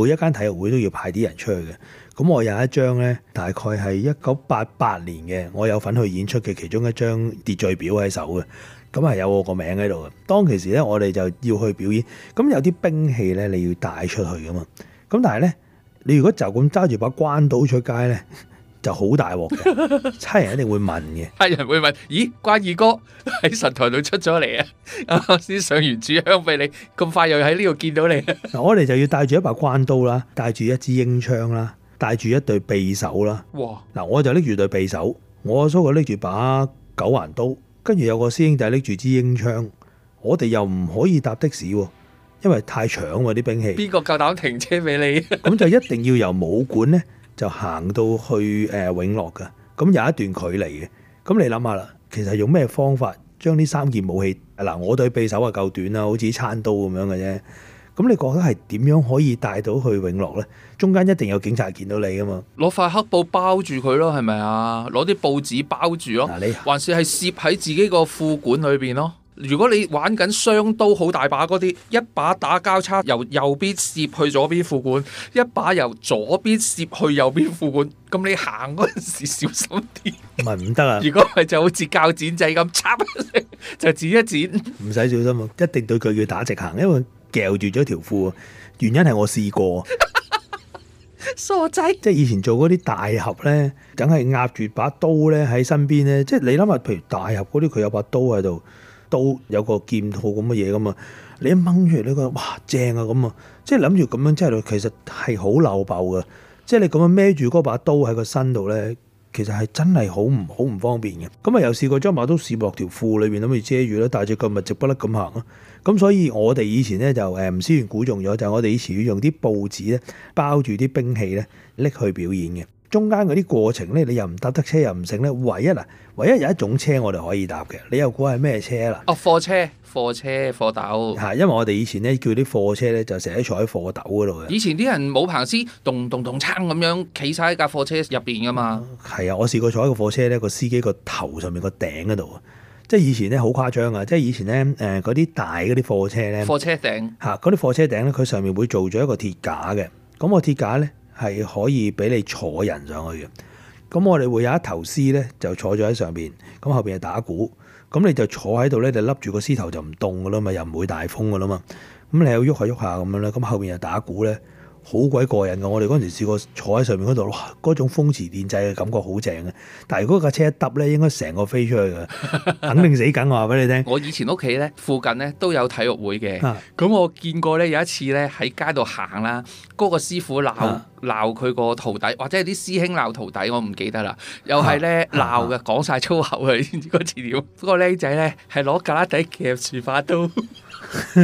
每一間體育會都要派啲人出去嘅。咁我有一張咧，大概係一九八八年嘅，我有份去演出嘅其中一張秩序表喺手嘅。咁係有我個名喺度嘅。當其時咧，我哋就要去表演，咁有啲兵器咧，你要帶出去噶嘛。咁但係咧，你如果就咁揸住把關刀出街咧，就好大鑊嘅。差人 一定會問嘅，差人會問：咦，關二哥喺神台度出咗嚟啊！先上完炷香俾你，咁快又喺呢度見到你。嗱 啊，我哋就要帶住一把關刀啦，帶住一支纓槍啦，帶住一對匕首啦。哇！嗱、啊，我就拎住對匕首，我叔哥拎住把九環刀，跟住有個師兄弟拎住支纓槍，我哋又唔可以搭的士、啊。因為太長喎啲兵器，邊個夠膽停車俾你？咁 就一定要由武館咧就行到去誒、呃、永樂噶，咁有一段距離嘅。咁你諗下啦，其實用咩方法將呢三件武器？嗱、啊，我對匕首啊夠短啦，好似餐刀咁樣嘅啫。咁你覺得係點樣可以帶到去永樂咧？中間一定有警察見到你噶嘛？攞塊黑布包住佢咯，係咪啊？攞啲報紙包住咯，你還是係攝喺自己個褲管裏邊咯？如果你玩緊雙刀好大把嗰啲，一把打交叉由右邊攝去左邊副管，一把由左邊攝去右邊副管，咁你行嗰陣時小心啲。唔係唔得啊！如果唔係就好似鉸剪仔咁插，就剪一剪。唔使小心啊！一定對佢要打直行，因為夾住咗條褲啊。原因係我試過， 傻仔即係以前做嗰啲大盒咧，梗係壓住把刀咧喺身邊咧。即係你諗下，譬如大盒嗰啲，佢有把刀喺度。都有個劍套咁嘅嘢噶嘛，你一掹出嚟，呢個哇正啊，咁啊，即係諗住咁樣，即係其實係好漏爆嘅。即係你咁樣孭住嗰把刀喺個身度咧，其實係真係好唔好唔方便嘅。咁、嗯、啊，又試過將把刀攝落條褲裏邊諗住遮住咧，但係隻腳咪直不甩咁行咯。咁、嗯、所以我哋以前咧就誒唔思遠估中咗，就、呃就係、我哋以前用啲報紙咧包住啲兵器咧拎去表演嘅。中間嗰啲過程咧，你又唔搭得車又唔成咧，唯一嗱，唯一有一種車我哋可以搭嘅，你又估係咩車啊？哦貨車，貨車貨斗，係因為我哋以前咧叫啲貨車咧，就成日坐喺貨斗嗰度嘅。以前啲人冇棚廂，咚咚咚撐咁樣企晒喺架貨車入邊噶嘛。係、嗯呃、啊，我試過坐喺個貨車咧，個司機個頭上面個頂嗰度，即係以前咧好誇張啊！即係以前咧誒嗰啲大嗰啲貨車咧，貨車頂嚇嗰啲貨車頂咧，佢上面會做咗一個鐵架嘅，咁、個鐵架咧。係可以俾你坐人上去嘅，咁我哋會有一頭獅咧就坐咗喺上邊，咁後邊係打鼓，咁你就坐喺度咧就笠住個獅頭就唔凍嘅咯嘛，又唔會大風嘅啦嘛，咁你又喐下喐下咁樣咧，咁後邊又打鼓咧。好鬼過癮噶！我哋嗰陣時試過坐喺上面嗰度，嗰種風馳電掣嘅感覺好正呀。但係如果架車一揼咧，應該成個飛出去噶，肯定死梗。我話俾你聽， 我以前屋企咧附近咧都有體育會嘅。咁、啊、我見過咧有一次咧喺街度行啦，嗰、那個師傅鬧鬧佢個徒弟，或者係啲師兄鬧徒弟，我唔記得啦。又係咧鬧嘅，講晒粗口嘅，先、啊、知個字點。嗰、那個僆仔咧係攞旮旯底夾住把刀。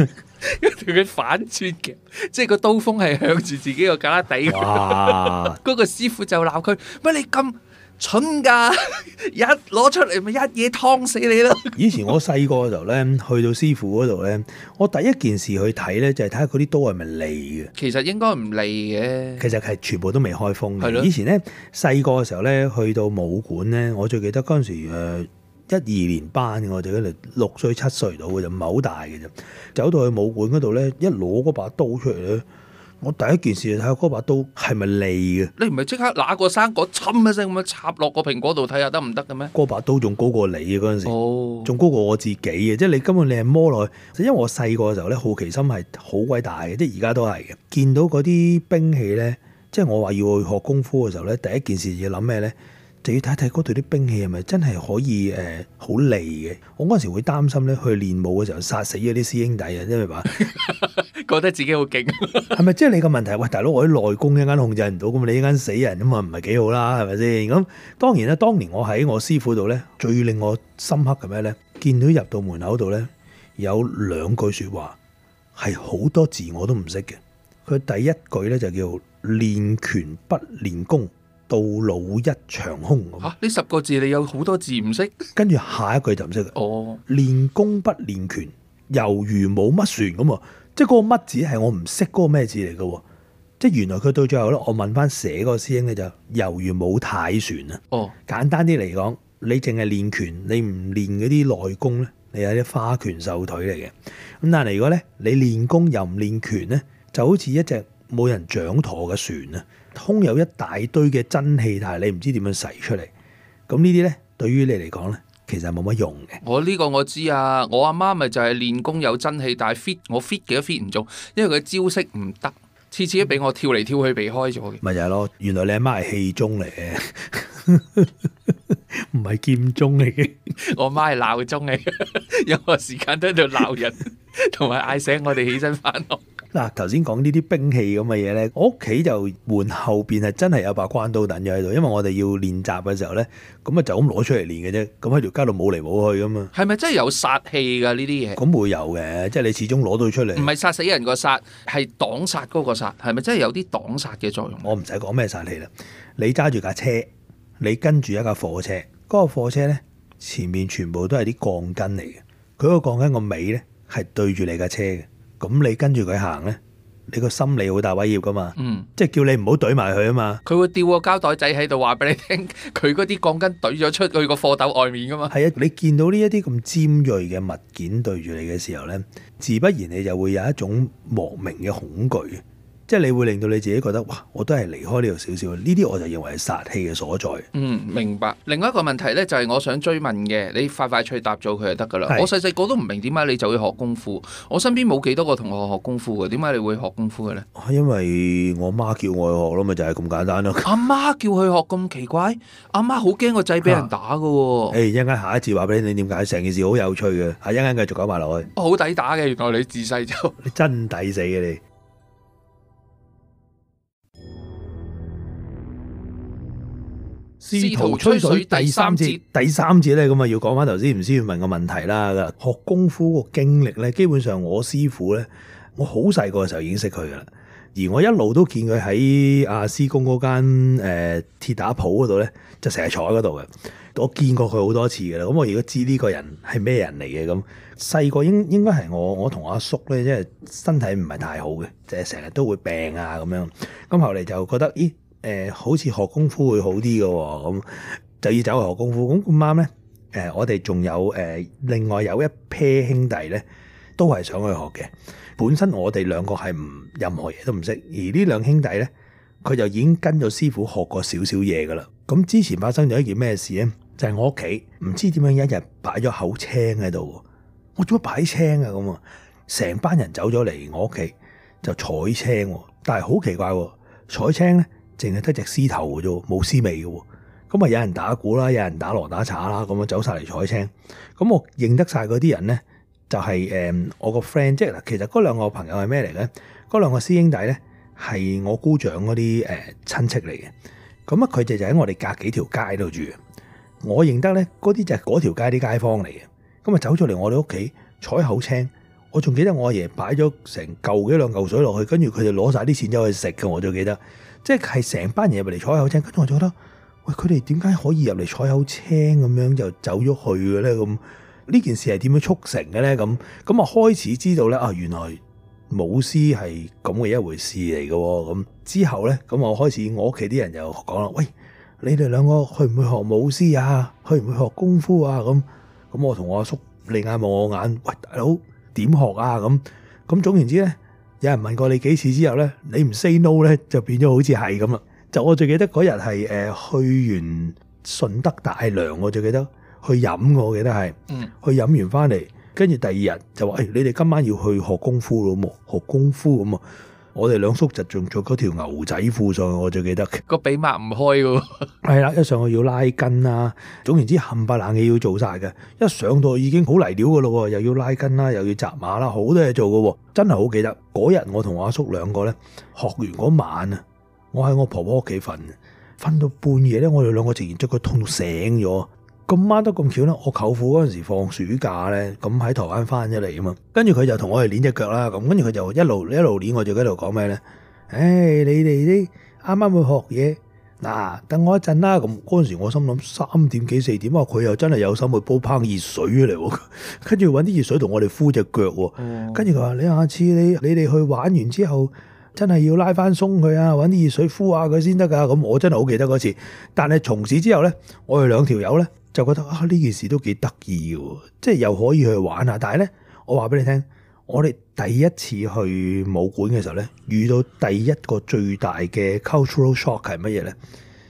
一條佢反轉嘅，即係個刀鋒係向住自己個架底。嗰哇 個師傅就鬧佢，乜你咁蠢㗎？ 一攞出嚟咪一嘢燙死你咯！以前我細個嘅時候咧，去到師傅嗰度咧，我第一件事去睇咧，就係睇下嗰啲刀係咪利嘅。其實應該唔利嘅。其實係全部都未開鋒。嘅的。以前咧細個嘅時候咧，去到武館咧，我最記得嗰時誒。呃一二年班嘅我哋嗰度六歲七歲到嘅，就唔係好大嘅啫，走到去武館嗰度咧，一攞嗰把刀出嚟咧，我第一件事就睇下嗰把刀係咪利嘅。你唔係即刻拿個生果，冚一聲咁樣插落個蘋果度睇下得唔得嘅咩？嗰把刀仲高過你嘅嗰陣時，仲、oh. 高過我自己嘅，即係你根本你係摸落去。就因為我細個嘅時候咧，好奇心係好鬼大嘅，即係而家都係嘅。見到嗰啲兵器咧，即係我話要去學功夫嘅時候咧，第一件事要諗咩咧？就要睇睇嗰度啲兵器係咪真係可以誒好、呃、利嘅？我嗰陣時會擔心咧，去練武嘅時候殺死咗啲師兄弟啊，因為話覺得自己好勁，係咪？即係你個問題，喂，大佬我啲內功一間控制唔到，咁你一間死人啊嘛，唔係幾好啦，係咪先？咁當然啦，當年我喺我師傅度咧，最令我深刻嘅咩咧？見到入到門口度咧，有兩句説話係好多字我都唔識嘅。佢第一句咧就叫練拳不練功。到老一場空咁。吓！呢十個字你有好多字唔識。跟住下一句就唔識啦。哦。練功不練拳，猶如冇乜船咁啊！即係嗰個乜字係我唔識嗰個咩字嚟嘅？即係原來佢到最後咧，我問翻寫嗰個師兄咧就猶如冇太船啊。哦。簡單啲嚟講，你淨係練拳，你唔練嗰啲內功咧，你係啲花拳繡腿嚟嘅。咁但係如果咧你練功又唔練拳咧，就好似一隻冇人掌舵嘅船啊！胸有一大堆嘅真氣，但係你唔知點樣使出嚟，咁呢啲咧對於你嚟講咧，其實冇乜用嘅。我呢個我知啊，我阿媽咪就係練功有真氣，但係 fit 我 fit 幾多 fit 唔中，因為佢招式唔得，次次都俾我跳嚟跳去避開咗嘅。咪就係咯，原來你阿媽係氣宗嚟嘅，唔係劍宗嚟嘅，我媽係鬧鐘嚟，有個時間都喺度鬧人，同埋嗌醒我哋起身翻學。嗱，頭先講呢啲兵器咁嘅嘢咧，我屋企就門後邊係真係有把關刀等咗喺度，因為我哋要練習嘅時候咧，咁啊就咁攞出嚟練嘅啫，咁喺條街度冇嚟冇去咁嘛？係咪真係有殺氣㗎？呢啲嘢？咁會有嘅，即係你始終攞到出嚟。唔係殺死人個殺，係擋殺嗰個殺，係咪真係有啲擋殺嘅作用？我唔使講咩殺氣啦，你揸住架車，你跟住一架貨車，嗰個貨車咧前面全部都係啲鋼筋嚟嘅，佢個鋼筋個尾咧係對住你架車嘅。咁你跟住佢行呢，你個心理好大威脅噶嘛？嗯，即係叫你唔好懟埋佢啊嘛。佢會掉個膠袋仔喺度話俾你聽，佢嗰啲鋼筋懟咗出去個貨斗外面噶嘛。係啊，你見到呢一啲咁尖銳嘅物件對住你嘅時候呢，自不然你就會有一種莫名嘅恐懼。即係你會令到你自己覺得哇，我都係離開呢度少少，呢啲我就認為係殺氣嘅所在。嗯，明白。另外一個問題呢，就係、是、我想追問嘅，你快快脆答咗佢就得噶啦。是我細細個都唔明點解你就要學功夫，我身邊冇幾多個同學學功夫嘅，點解你會學功夫嘅呢？因為我媽叫我去學咯，咪就係、是、咁簡單咯。阿媽叫佢學咁奇怪，阿媽好驚個仔俾人打噶。誒、啊，一陣間下一次話俾你，你點解成件事好有趣嘅？啊，一陣間繼續講埋落去。我好抵打嘅，原來你自細就 你真抵死嘅你。試圖吹水第三節，第三節咧，咁啊要講翻頭先，唔先要問個問題啦。學功夫個經歷咧，基本上我師傅咧，我好細個嘅時候已經識佢噶啦。而我一路都見佢喺阿師公嗰間誒、呃、鐵打鋪嗰度咧，就成日坐喺嗰度嘅。我見過佢好多次噶啦。咁我如果知呢個人係咩人嚟嘅咁，細個應應該係我我同阿叔咧，即係身體唔係太好嘅，即係成日都會病啊咁樣。咁後嚟就覺得咦。誒、呃、好似學功夫會好啲嘅喎，咁就要走去學功夫。咁咁啱咧，誒、呃、我哋仲有誒、呃、另外有一批兄弟咧，都係想去學嘅。本身我哋兩個係唔任何嘢都唔識，而呢兩兄弟咧，佢就已經跟咗師傅學過少少嘢嘅啦。咁之前發生咗一件咩事咧？就係、是、我屋企唔知點樣一日擺咗口青喺度，我做乜擺青啊？咁啊，成班人走咗嚟我屋企就採青、哦，但係好奇怪喎、哦，採青咧～淨係得隻獅頭嘅啫，冇獅尾嘅喎。咁啊，有人打鼓啦，有人打鑼打叉啦，咁樣走曬嚟採青。咁我認得曬嗰啲人咧，就係誒我個 friend 即係嗱。其實嗰兩個朋友係咩嚟咧？嗰兩個師兄弟咧係我姑丈嗰啲誒親戚嚟嘅。咁啊，佢哋就喺我哋隔幾條街度住。我認得咧嗰啲就係嗰條街啲街坊嚟嘅。咁啊，走咗嚟我哋屋企採口青。我仲記得我阿爺擺咗成舊幾兩舊水落去，跟住佢就攞曬啲錢走去食嘅。我就記得。即係成班人入嚟採青，跟住我就覺得，喂，佢哋點解可以入嚟採青咁樣就走咗去嘅咧？咁呢件事係點樣促成嘅咧？咁咁啊，開始知道咧，啊，原來舞獅係咁嘅一回事嚟嘅。咁之後咧，咁我開始，我屋企啲人就講啦，喂，你哋兩個去唔去學舞獅啊？去唔去學功夫啊？咁咁我同我阿叔，你眼望我眼，喂，大佬點學啊？咁咁總言之咧。有人問過你幾次之後咧，你唔 say no 咧，就變咗好似係咁啦。就我最記得嗰日係誒去完順德大良，我最記得去飲，我記得係，去飲完翻嚟，跟住第二日就話誒、哎，你哋今晚要去學功夫咯，學功夫咁啊！我哋兩叔侄仲着嗰條牛仔褲上去，我最記得嘅。個髀擘唔開嘅。係 啦， 一上去要拉筋啦，總言之冚巴冷嘢要做晒嘅。一上到已經好泥料嘅咯，又要拉筋啦，又要紮馬啦，好多嘢做嘅。真係好記得嗰日，我同阿叔兩個咧學完嗰晚啊，我喺我婆婆屋企瞓，瞓到半夜咧，我哋兩個突然之間痛到醒咗。咁晚都咁巧啦，我舅父嗰陣時放暑假咧，咁喺台灣翻咗嚟啊嘛，跟住佢就同我哋攆隻腳啦，咁跟住佢就一路一路攆，我就喺度講咩咧？唉、hey，你哋啲啱啱去學嘢，嗱，等我一陣啦。咁嗰陣時我心諗三點幾，四點啊，佢又真係有心去煲烹熱水嚟，跟住揾啲熱水同我哋敷隻腳。嗯、跟住佢話：你下次你你哋去玩完之後，真係要拉翻鬆佢啊，揾啲熱水敷下佢先得㗎。咁我真係好記得嗰次，但係從此之後咧，我哋兩條友咧。就覺得啊呢件事都幾得意嘅，即係又可以去玩下。但係呢，我話俾你聽，我哋第一次去武館嘅時候呢，遇到第一個最大嘅 cultural shock 係乜嘢呢？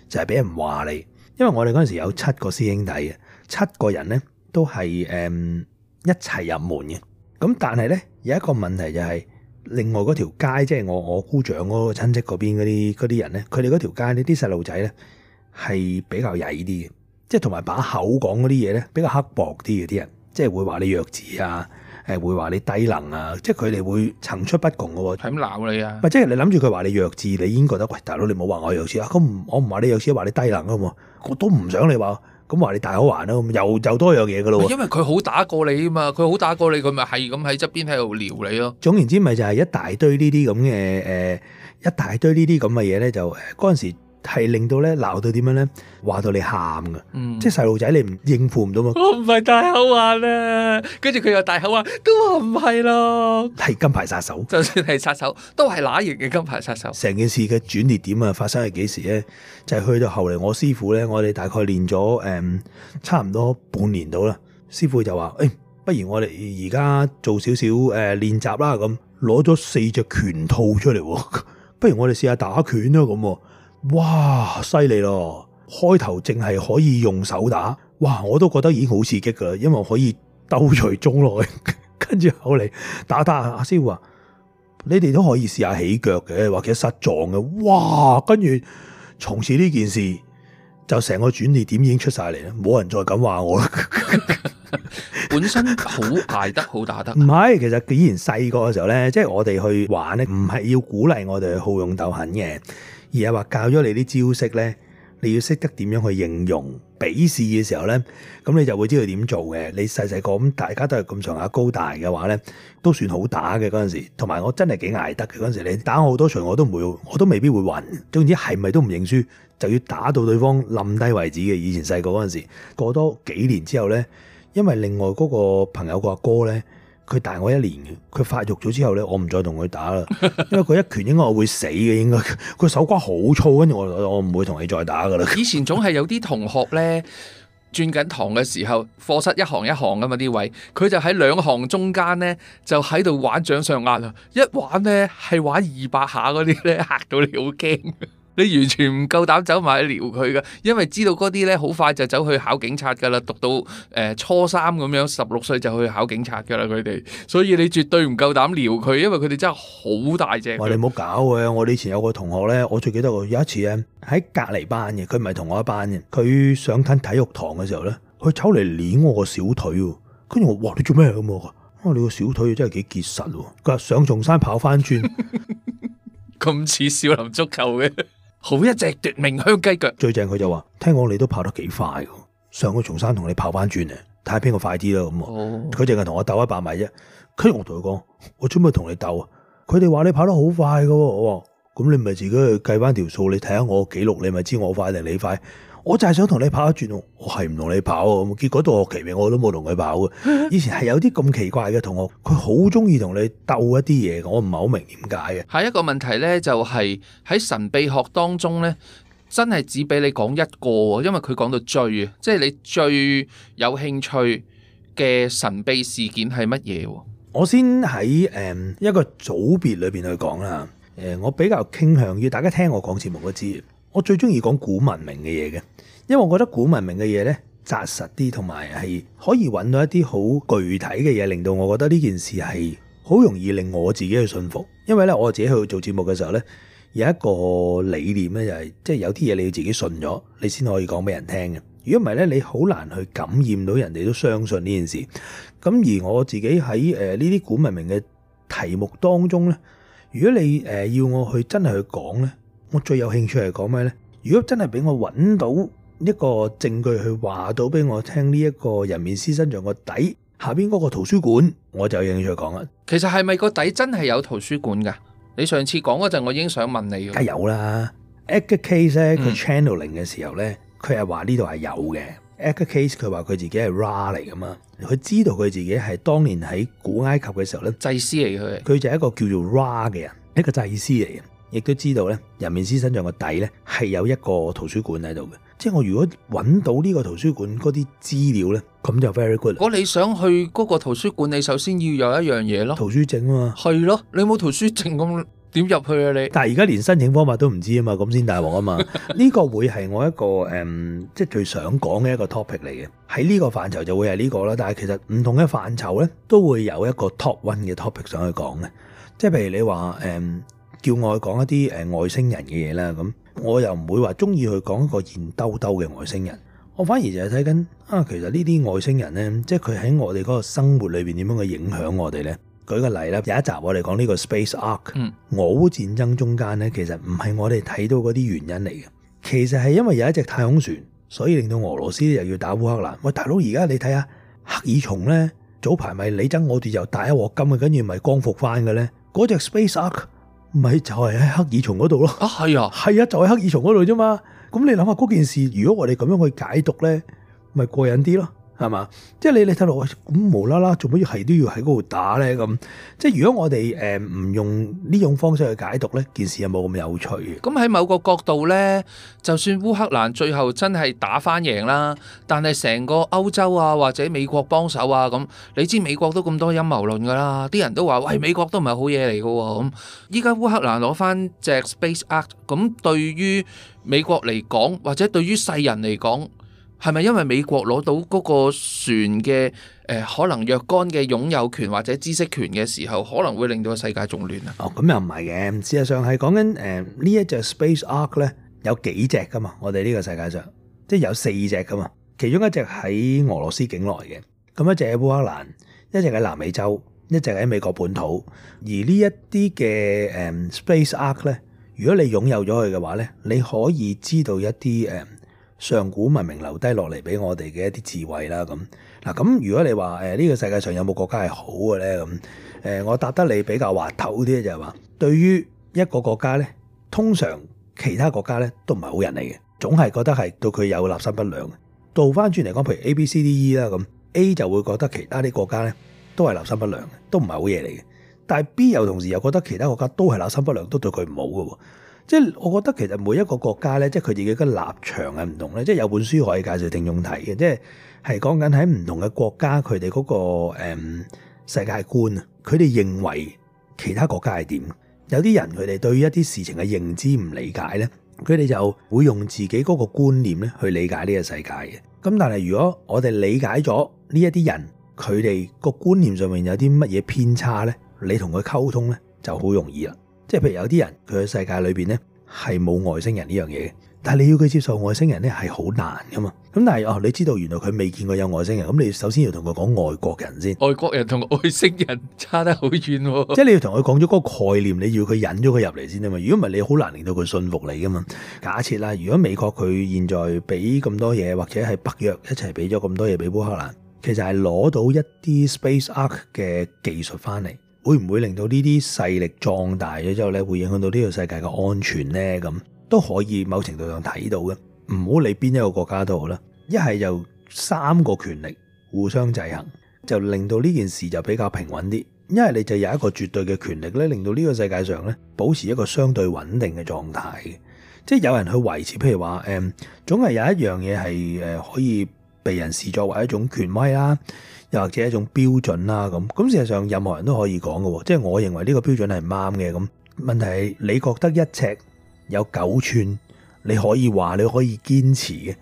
就係、是、俾人話你，因為我哋嗰陣時有七個師兄弟嘅，七個人呢都係誒、嗯、一齊入門嘅。咁但係呢，有一個問題就係、是，另外嗰條街即係我我姑丈嗰個親戚嗰邊嗰啲嗰啲人呢，佢哋嗰條街呢啲細路仔呢，係比較曳啲嘅。即係同埋把口講嗰啲嘢咧，比較刻薄啲嘅啲人，即係會話你弱智啊，誒會話你低能啊，即係佢哋會層出不窮嘅喎。點鬧你啊？唔係即係你諗住佢話你弱智，你已經覺得喂大佬你冇話我弱智啊？咁我唔話你弱智，話你低能啊嘛？我都唔想你話，咁話你大可玩咯，又又多樣嘢噶咯。因為佢好打過你啊嘛，佢好打過你，佢咪係咁喺側邊喺度撩你咯。總言之，咪就係一大堆呢啲咁嘅誒，一大堆呢啲咁嘅嘢咧，就誒嗰陣時。係令到咧，鬧到點樣咧？話到你喊噶，嗯、即係細路仔你唔應付唔到嘛？我唔係大口話啦，啊，跟住佢又大口話，都唔係咯。係金牌殺手，就算係殺手，都係乸型嘅金牌殺手。成件事嘅轉捩點啊，發生係幾時咧？就係、是、去到後嚟，我師傅咧，我哋大概練咗誒，差唔多半年到啦。師傅就話：，誒、欸，不如我哋而家做少少誒練習啦，咁攞咗四隻拳套出嚟， 不如我哋試下打拳咯，咁。哇，犀利咯！開頭淨係可以用手打，哇，我都覺得已經好刺激噶因為我可以兜在中內。跟住後嚟打打，阿師傅話你哋都可以試下起腳嘅，或者實撞嘅。哇，跟住從此呢件事就成個轉捩點已經出晒嚟啦，冇人再敢話我啦。 本身好捱得好打得，唔係，其實佢以前細個嘅時候咧，即係我哋去玩咧，唔係要鼓勵我哋好勇鬥狠嘅。而係話教咗你啲招式咧，你要識得點樣去形容比試嘅時候咧，咁你就會知道點做嘅。你細細個咁大家都係咁上下高大嘅話咧，都算好打嘅嗰陣時。同埋我真係幾捱得嘅嗰陣時，你打我好多場我都唔會，我都未必會暈。總之係咪都唔認輸，就要打到對方冧低為止嘅。以前細個嗰陣時，過多幾年之後咧，因為另外嗰個朋友個阿哥咧。佢大我一年，佢發育咗之後呢，我唔再同佢打啦，因為佢一拳應該會死嘅，應該佢手瓜好粗，跟住我我唔會同你再打噶啦。 以前總係有啲同學呢，轉緊堂嘅時候，課室一行一行噶嘛啲位，佢就喺兩行中間呢，就喺度玩掌上壓啊，一玩呢，係玩二百下嗰啲呢，嚇到你好驚。你完全唔夠膽走埋去撩佢噶，因為知道嗰啲咧好快就走去考警察噶啦，讀到誒、呃、初三咁樣，十六歲就去考警察噶啦佢哋，所以你絕對唔夠膽撩佢，因為佢哋真係好大隻。你唔好搞啊，我哋以前有個同學咧，我最記得我有一次咧喺隔離班嘅，佢唔係同我一班嘅，佢上緊體育堂嘅時候咧，佢抽嚟碾我個小腿，跟住我話：你做咩咁？你個小腿真係幾結實喎！佢話上松山跑翻轉，咁似 少林足球嘅。好一隻奪命香雞腳，最正佢就話，聽講你都跑得幾快，上個松山同你跑翻轉嚟，睇下邊個快啲啦咁啊，佢淨係同我鬥一百米啫，跟住我同佢講，我準備同你鬥啊，佢哋話你跑得好快噶，我話咁你咪自己去計翻條數，你睇下我記錄，你咪知我快定你快。我就係想同你跑一轉，我係唔同你跑啊！結果到學期尾我都冇同佢跑嘅。以前係有啲咁奇怪嘅同學，佢好中意同你鬥一啲嘢，我唔係好明點解嘅。下一個問題呢、就是，就係喺神秘學當中呢，真係只俾你講一個，因為佢講到最，即係你最有興趣嘅神秘事件係乜嘢？我先喺誒一個組別裏邊去講啦。我比較傾向於大家聽我講節目嗰支。我最中意講古文明嘅嘢嘅，因為我覺得古文明嘅嘢呢，扎實啲，同埋係可以揾到一啲好具體嘅嘢，令到我覺得呢件事係好容易令我自己去信服。因為呢，我自己去做節目嘅時候呢，有一個理念呢，就係，即係有啲嘢你要自己信咗，你先可以講俾人聽嘅。如果唔係呢，你好難去感染到人哋都相信呢件事。咁而我自己喺誒呢啲古文明嘅題目當中呢，如果你誒要我去真係去講呢。我最有興趣係講咩呢？如果真係俾我揾到一個證據去話到俾我聽呢，一個人面獅身像個底下邊嗰個圖書館，我就有興趣講啦。其實係咪個底真係有圖書館噶？你上次講嗰陣，我已經想問你。梗有啦。Edgar Cayce 咧，佢 channeling 嘅時候呢，佢係話呢度係有嘅。Edgar Cayce 佢話佢自己係 Ra 嚟噶嘛，佢知道佢自己係當年喺古埃及嘅時候呢，祭師嚟佢，佢就係一個叫做 Ra 嘅人，一個祭師嚟嘅。亦都知道咧，人面獅身上個底咧係有一個圖書館喺度嘅。即係我如果揾到呢個圖書館嗰啲資料咧，咁就 very good。如果你想去嗰個圖書館，你首先要有一樣嘢咯，圖書證啊嘛。係咯，你冇圖書證咁點入去啊？你？但係而家連申請方法都唔知啊嘛，咁先大鑊啊嘛。呢 個會係我一個誒，um, 即係最想講嘅一個 topic 嚟嘅。喺呢個範疇就會係呢、這個啦。但係其實唔同嘅範疇咧，都會有一個 top one 嘅 topic 想去講嘅。即係譬如你話誒。Um, 叫我去講一啲誒外星人嘅嘢啦，咁我又唔會話中意去講一個現兜兜嘅外星人，我反而就係睇緊啊，其實呢啲外星人呢，即係佢喺我哋嗰個生活裏邊點樣嘅影響我哋呢，舉個例啦，有一集我哋講呢個 Space Ark，俄烏戰爭中間呢，其實唔係我哋睇到嗰啲原因嚟嘅，其實係因為有一隻太空船，所以令到俄羅斯又要打烏克蘭。喂，大佬而家你睇下赫爾松呢，早排咪你憎我哋又帶一鑊金啊，跟住咪光復翻嘅呢，嗰隻 Space Ark。咪就係喺黑耳蟲嗰度咯，啊係啊，係啊，啊，就喺、是、黑耳蟲嗰度啫嘛。咁你諗下嗰件事，如果我哋咁樣去解讀咧，咪過癮啲咯。係嘛？即係、 就是、你你睇到咁無啦啦做乜嘢，係都要喺嗰度打咧咁。即係如果我哋誒唔用呢種方式去解讀咧，件事有冇咁有,有趣。咁喺某個角度咧，就算烏克蘭最後真係打翻贏啦，但係成個歐洲啊或者美國幫手啊咁，你知美國都咁多陰謀論噶啦，啲人都話喂美國都唔係好嘢嚟噶喎咁。依家烏克蘭攞翻隻 Space Act，咁對於美國嚟講或者對於世人嚟講。係咪因為美國攞到嗰個船嘅誒、呃、可能若干嘅擁有權或者知識權嘅時候，可能會令到世界仲亂啊？哦，咁又唔係嘅，事實上係講緊誒呢一隻 Space Ark 咧有幾隻㗎嘛？我哋呢個世界上即係有四隻㗎嘛？其中一隻喺俄羅斯境內嘅，咁一隻喺烏克蘭，一隻喺南美洲，一隻喺美國本土。而呢一啲嘅誒 Space Ark 咧，如果你擁有咗佢嘅話咧，你可以知道一啲誒、呃上古文明留低落嚟俾我哋嘅一啲智慧啦，咁、啊、嗱，咁如果你話誒呢個世界上有冇國家係好嘅呢？咁、呃，誒我答得你比較滑頭啲就係、是、話，對於一個國家呢，通常其他國家呢都唔係好人嚟嘅，總係覺得係對佢有立心不良嘅。倒翻轉嚟講，譬如 A、B、C、D、E 啦咁，A 就會覺得其他啲國家呢都係立心不良，都唔係好嘢嚟嘅。但係 B 又同時又覺得其他國家都係立心不良，都對佢唔好嘅。即係我覺得其實每一個國家咧，即係佢哋嘅立場係唔同咧。即係有本書可以介紹聽眾睇嘅，即係係講緊喺唔同嘅國家佢哋嗰個、嗯、世界觀啊，佢哋認為其他國家係點？有啲人佢哋對一啲事情嘅認知唔理解咧，佢哋就會用自己嗰個觀念咧去理解呢個世界嘅。咁但係如果我哋理解咗呢一啲人佢哋個觀念上面有啲乜嘢偏差咧，你同佢溝通咧就好容易啦。即係譬如有啲人佢嘅世界裏邊呢，係冇外星人呢樣嘢嘅，但係你要佢接受外星人呢，係好難噶嘛。咁但係哦，你知道原來佢未見過有外星人，咁你首先要同佢講外國人先。外國人同外星人差得好遠，哦，即係你要同佢講咗嗰個概念，你要佢引咗佢入嚟先啊嘛。如果唔係，你好難令到佢信服你噶嘛。假設啦，如果美國佢現在俾咁多嘢，或者係北約一齊俾咗咁多嘢俾烏克蘭，其實係攞到一啲 Space Ark 嘅技術翻嚟。會唔會令到呢啲勢力壯大咗之後呢，會影響到呢個世界嘅安全呢？咁都可以某程度上睇到嘅，唔好理邊一個國家都好啦。一係就三個權力互相制衡，就令到呢件事就比較平穩啲。因為你就有一個絕對嘅權力呢，令到呢個世界上呢保持一個相對穩定嘅狀態嘅。即係有人去維持，譬如話誒、嗯，總係有一樣嘢係誒可以被人視作為一種權威啦。又或者一種標準啦，咁咁事實上任何人都可以講㗎喎，即係我認為呢個標準係唔啱嘅咁。問題係你覺得一尺有九寸，你可以話你可以堅持嘅，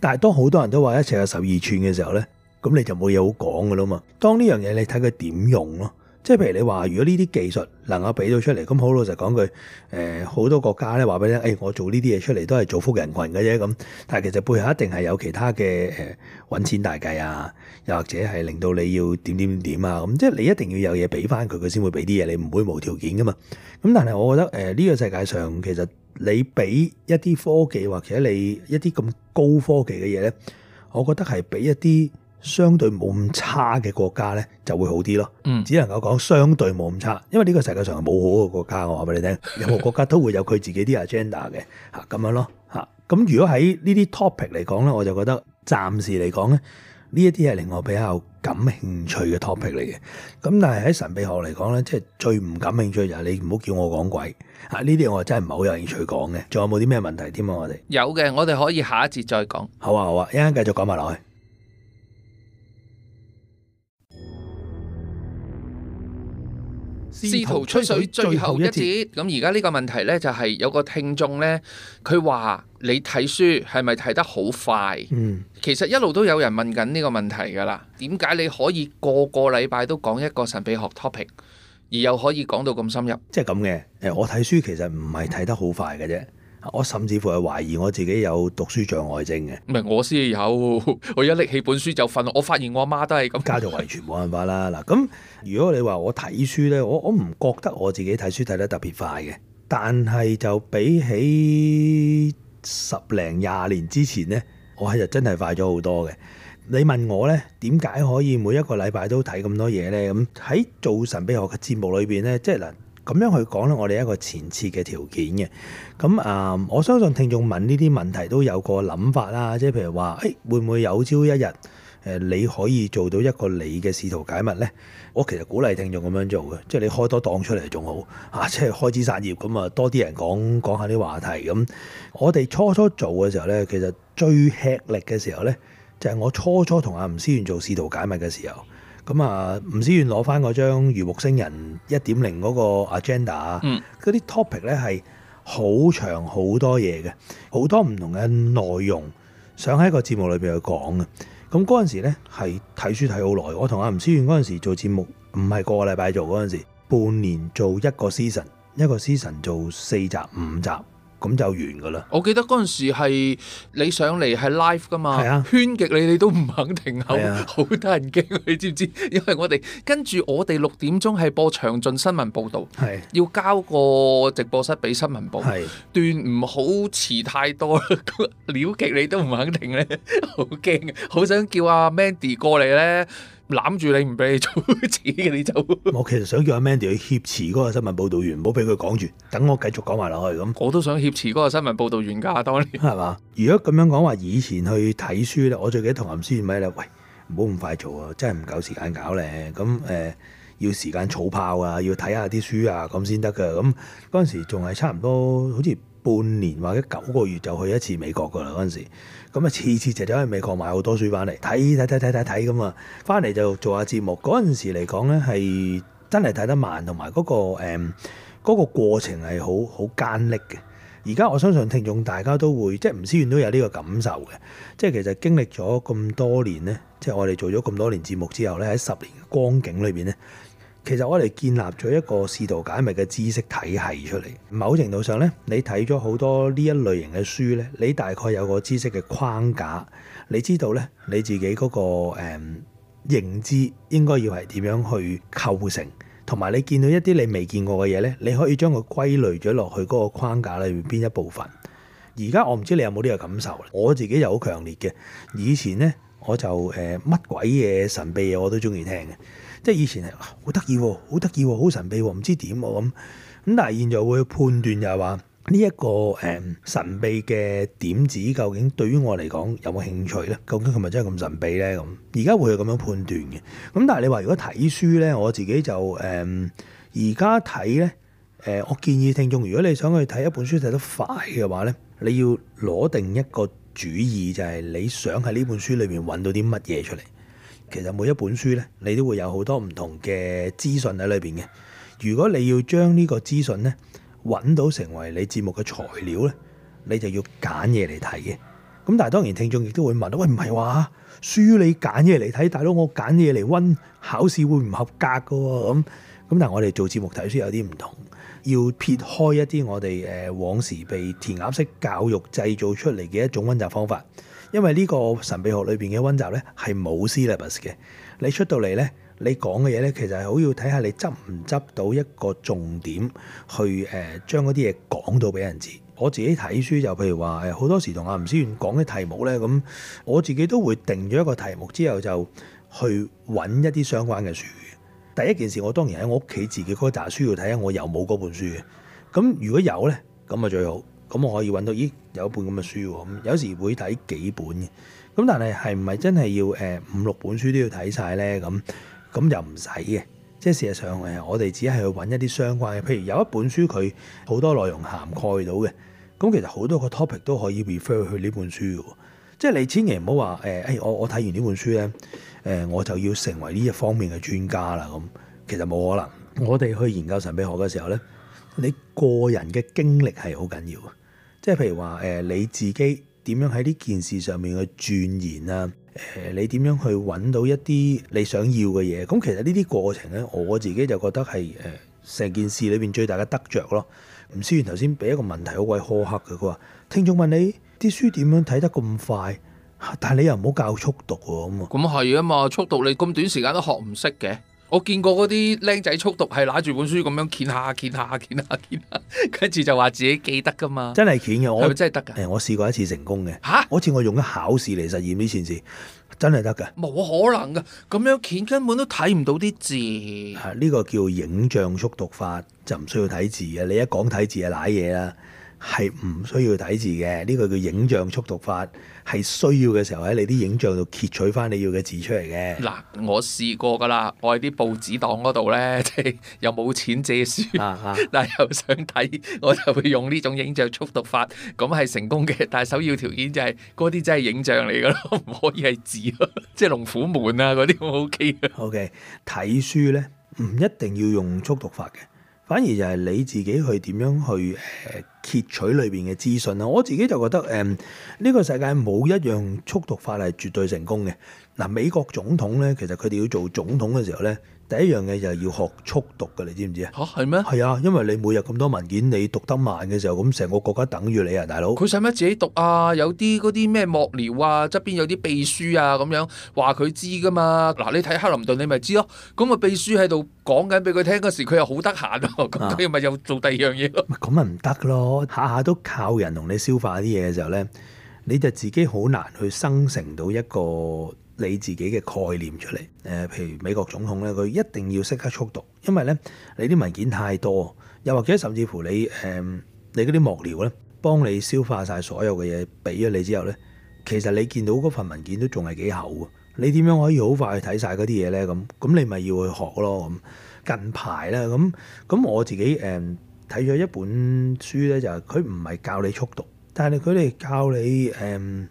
但係當好多人都話一尺有十二寸嘅時候咧，咁你就冇嘢好講㗎啦嘛。當呢樣嘢你睇佢點用咯。即係譬如你話，如果呢啲技術能夠俾到出嚟，咁好老實講句，誒、呃、好多國家咧話俾你聽，誒、哎、我做呢啲嘢出嚟都係造福人群嘅啫咁。但係其實背後一定係有其他嘅誒揾錢大計啊，又或者係令到你要點點點啊咁、嗯。即係你一定要有嘢俾翻佢，佢先會俾啲嘢你，唔會無條件噶嘛。咁但係我覺得誒呢、呃這個世界上其實你俾一啲科技或者你一啲咁高科技嘅嘢咧，我覺得係俾一啲。相對冇咁差嘅國家咧，就會好啲咯。嗯，只能夠講相對冇咁差，因為呢個世界上係冇好嘅國家，我話俾你聽。 任何國家都會有佢自己啲 agenda 嘅嚇，咁樣咯嚇。咁、啊、如果喺呢啲 topic 嚟講咧，我就覺得暫時嚟講咧，呢一啲係令我比較感興趣嘅 topic 嚟嘅。咁但係喺神秘學嚟講咧，即係最唔感興趣就係你唔好叫我講鬼嚇。呢、啊、啲我真係唔係好有興趣講嘅。仲有冇啲咩問題添啊？我哋有嘅，我哋可以下一節再講、啊。好啊好啊，一陣間繼續講埋落去。試圖吹水最後一節，咁而家呢個問題呢，就係有個聽眾呢，佢話你睇書係咪睇得好快？嗯，其實一路都有人問緊呢個問題㗎啦。點解你可以個個禮拜都講一個神秘學 topic，而又可以講到咁深入？即係咁嘅。我睇書其實唔係睇得好快嘅啫。我甚至乎係懷疑我自己有讀書障礙症嘅。唔係我先有，我一拎起本書就瞓。我發現我阿媽都係咁，家族遺傳冇辦法啦。嗱， 咁如果你話我睇書呢，我我唔覺得我自己睇書睇得特別快嘅。但係就比起十零廿年之前呢，我係就真係快咗好多嘅。你問我呢，點解可以每一個禮拜都睇咁多嘢呢？咁喺做神秘學嘅節目裏邊呢，即係嗱。咁樣去講咧，我哋一個前設嘅條件嘅。咁、嗯、啊，我相信聽眾問呢啲問題都有個諗法啦。即係譬如話，誒、哎、會唔會有朝一日誒你可以做到一個你嘅試圖解密呢？我其實鼓勵聽眾咁樣做嘅，即係你開多檔出嚟仲好啊，即係開枝散葉咁啊，多啲人講講下啲話題。咁、嗯、我哋初初做嘅時候呢，其實最吃力嘅時候呢，就係、是、我初初同阿吳思遠做試圖解密嘅時候。咁、那個、啊，吳思遠攞翻嗰張《魚木星人》一點零嗰個 agenda，嗰啲 topic 呢係好長好多嘢嘅，好多唔同嘅內容，想喺個節目裏邊去講嘅。咁嗰陣時呢係睇書睇好耐，我同阿吳思遠嗰陣時做節目，唔係個、個禮拜做嗰陣時，半年做一個 season，一個 season 做四集五集。咁就完噶啦！我記得嗰陣時係你上嚟係 live 噶嘛，啊、圈極你你都唔肯停口，好得、啊、人驚，你知唔知？因為我哋跟住我哋六點鐘係播長進新聞報導，係是要交個直播室俾新聞部，是段，唔好遲太多啦，了極你都唔肯停咧，好驚、啊，好 想叫阿 Mandy 過嚟咧。攬住你唔俾你做，自嘅，你就。我其實想叫阿 Mandy 去挾持嗰個新聞報導員，唔好俾佢講住，等我繼續講埋落去咁。我都想挾持嗰個新聞報導員噶，當年。係嘛？如果咁樣講話，以前去睇書咧，我最記得同《銅鑼書》咩咧，喂，唔好咁快做啊，真係唔夠時間搞咧。咁誒、呃，要時間儲炮啊，要睇下啲書啊，咁先得噶。咁嗰陣時仲係差唔多，好似。半年或者九個月就去一次美國㗎啦，嗰陣時，咁啊次次就走去美國買好多書翻嚟睇睇睇睇睇睇咁啊，翻嚟就做下節目。嗰陣時嚟講呢，係真係睇得慢，同埋嗰個誒嗰、嗯嗰個、過程係好好艱歷嘅。而家我相信聽眾大家都會即係吳思遠都有呢個感受嘅，即係其實經歷咗咁多年呢，即係我哋做咗咁多年節目之後呢，喺十年嘅光景裏邊呢。其實我哋建立咗一個試圖解密嘅知識體系出嚟，某程度上呢，你睇咗好多呢一類型嘅書呢，你大概有個知識嘅框架，你知道呢，你自己嗰個誒認知應該要係點樣去構成，同埋你見到一啲你未見過嘅嘢呢，你可以將佢歸類咗落去嗰個框架裏邊邊一部分。而家我唔知你有冇呢個感受，我自己又好強烈嘅。以前呢，我就誒乜鬼嘢神秘嘢我都中意聽嘅。即係以前係好得意，好得意，好、啊啊、神秘、啊，唔知點咁咁。但係現在就會判斷就係話呢一個誒、嗯、神秘嘅點子，究竟對於我嚟講有冇興趣咧？究竟係咪真係咁神秘咧？咁而家會有咁樣判斷嘅。咁但係你話如果睇書咧，我自己就誒而家睇咧誒，我建議聽眾，如果你想去睇一本書睇得快嘅話咧，你要攞定一個主意，就係、是、你想喺呢本書裏邊揾到啲乜嘢出嚟。其實每一本書咧，你都會有好多唔同嘅資訊喺裏邊嘅。如果你要將呢個資訊咧揾到成為你節目嘅材料咧，你就要揀嘢嚟睇嘅。咁但係當然聽眾亦都會問：喂，唔係話書你揀嘢嚟睇，大佬我揀嘢嚟温考試會唔合格㗎？咁咁，但係我哋做節目睇書有啲唔同，要撇開一啲我哋誒、呃、往時被填鴨式教育製造出嚟嘅一種温習方法。因為呢個神秘學裏邊嘅溫習咧係冇 syllabus 嘅，你出到嚟咧，你講嘅嘢咧，其實係好要睇下你執唔執到一個重點去誒，將嗰啲嘢講到俾人知。我自己睇書就譬如話好多時同阿吳思遠講嘅題目咧，咁我自己都會定咗一個題目之後就去揾一啲相關嘅書。第一件事我當然喺我屋企自己嗰紮書要睇下我有冇嗰本書，咁如果有咧，咁啊，最好。咁我可以揾到，咦，有一本咁嘅書，咁有時會睇幾本嘅。咁但係係唔係真係要誒、呃、五六本書都要睇晒咧？咁咁又唔使嘅。即係事實上誒、呃，我哋只係去揾一啲相關嘅。譬如有一本書佢好多內容涵蓋到嘅，咁其實好多個 topic 都可以 refer 去呢本書嘅。即係你千祈唔好話誒，誒、呃哎、我我睇完呢本書咧，誒、呃、我就要成為呢一方面嘅專家啦。咁其實冇可能。我哋去研究神秘學嘅時候咧，你個人嘅經歷係好緊要嘅，即係譬如話誒、呃、你自己點樣喺呢件事上面去轉變鑽研啦，誒、呃、你點樣去揾到一啲你想要嘅嘢？咁、嗯、其實呢啲過程咧，我自己就覺得係誒成件事裏面最大嘅得着咯。唔至於頭先俾一個問題好鬼苛刻嘅，佢話聽眾問你啲書點樣睇得咁快，但係你又唔好教速讀喎，咁咁係啊嘛，速讀你咁短時間都學唔識嘅。我見過嗰啲僆仔速讀係揦住本書咁樣鉸下鉸下鉸下鉸下，下，跟住就話自己記得㗎嘛？真係鉸嘅，我係咪真係得㗎。誒，我試過一次成功嘅。嚇哈！嗰次我，我用咗考試嚟實驗呢件事，真係得㗎。冇可能㗎，咁樣鉸根本都睇唔到啲字。係呢個叫影像速讀法，就唔需要睇字嘅。你一講睇字啊，瀨嘢啦。係唔需要睇字嘅，呢、這個叫影像速讀法。係需要嘅時候喺你啲影像度揭取翻你要嘅字出嚟嘅。嗱、啊，我試過㗎啦，我喺啲報紙檔嗰度咧，即 係又冇錢借書，啊啊、但係又想睇，我就會用呢種影像速讀法，咁係成功嘅。但係首要條件就係嗰啲真係影像嚟㗎咯，唔可以係字咯， 即係龍虎門啊嗰啲好 OK 嘅。OK，睇書咧唔一定要用速讀法嘅。反而就係你自己去點樣去誒、呃、揭取裏邊嘅資訊啦。我自己就覺得誒，呢、呃呢個世界冇一樣速讀法係絕對成功嘅。嗱、呃，美國總統咧，其實佢哋要做總統嘅時候咧。第一樣嘢就係要學速讀嘅，你知唔知啊？嚇，係咩？係啊，因為你每日咁多文件，你讀得慢嘅時候，咁成個國家等住你啊，大佬！佢使唔使自己讀啊？有啲嗰啲咩幕僚啊，側邊有啲秘書啊，咁樣話佢知噶嘛？嗱，你睇克林頓你咪知咯。咁咪啊，秘書喺度講緊俾佢聽嗰時，佢又好得閒啊。咁佢咪又做第二樣嘢咯？咁咪唔得咯，下下都靠人同你消化啲嘢嘅時候咧，你就自己好難去生成到一個。你自己嘅概念出嚟，誒、呃，譬如美國總統咧，佢一定要識得速讀，因為咧你啲文件太多，又或者甚至乎你誒、嗯、你嗰啲幕僚咧，幫你消化晒所有嘅嘢，俾咗你之後咧，其實你見到嗰份文件都仲係幾厚啊！你點樣可以好快去睇晒嗰啲嘢咧？咁咁你咪要去學咯。咁近排咧，咁咁我自己誒睇咗一本書咧，就係佢唔係教你速讀，但係佢哋教你誒、嗯、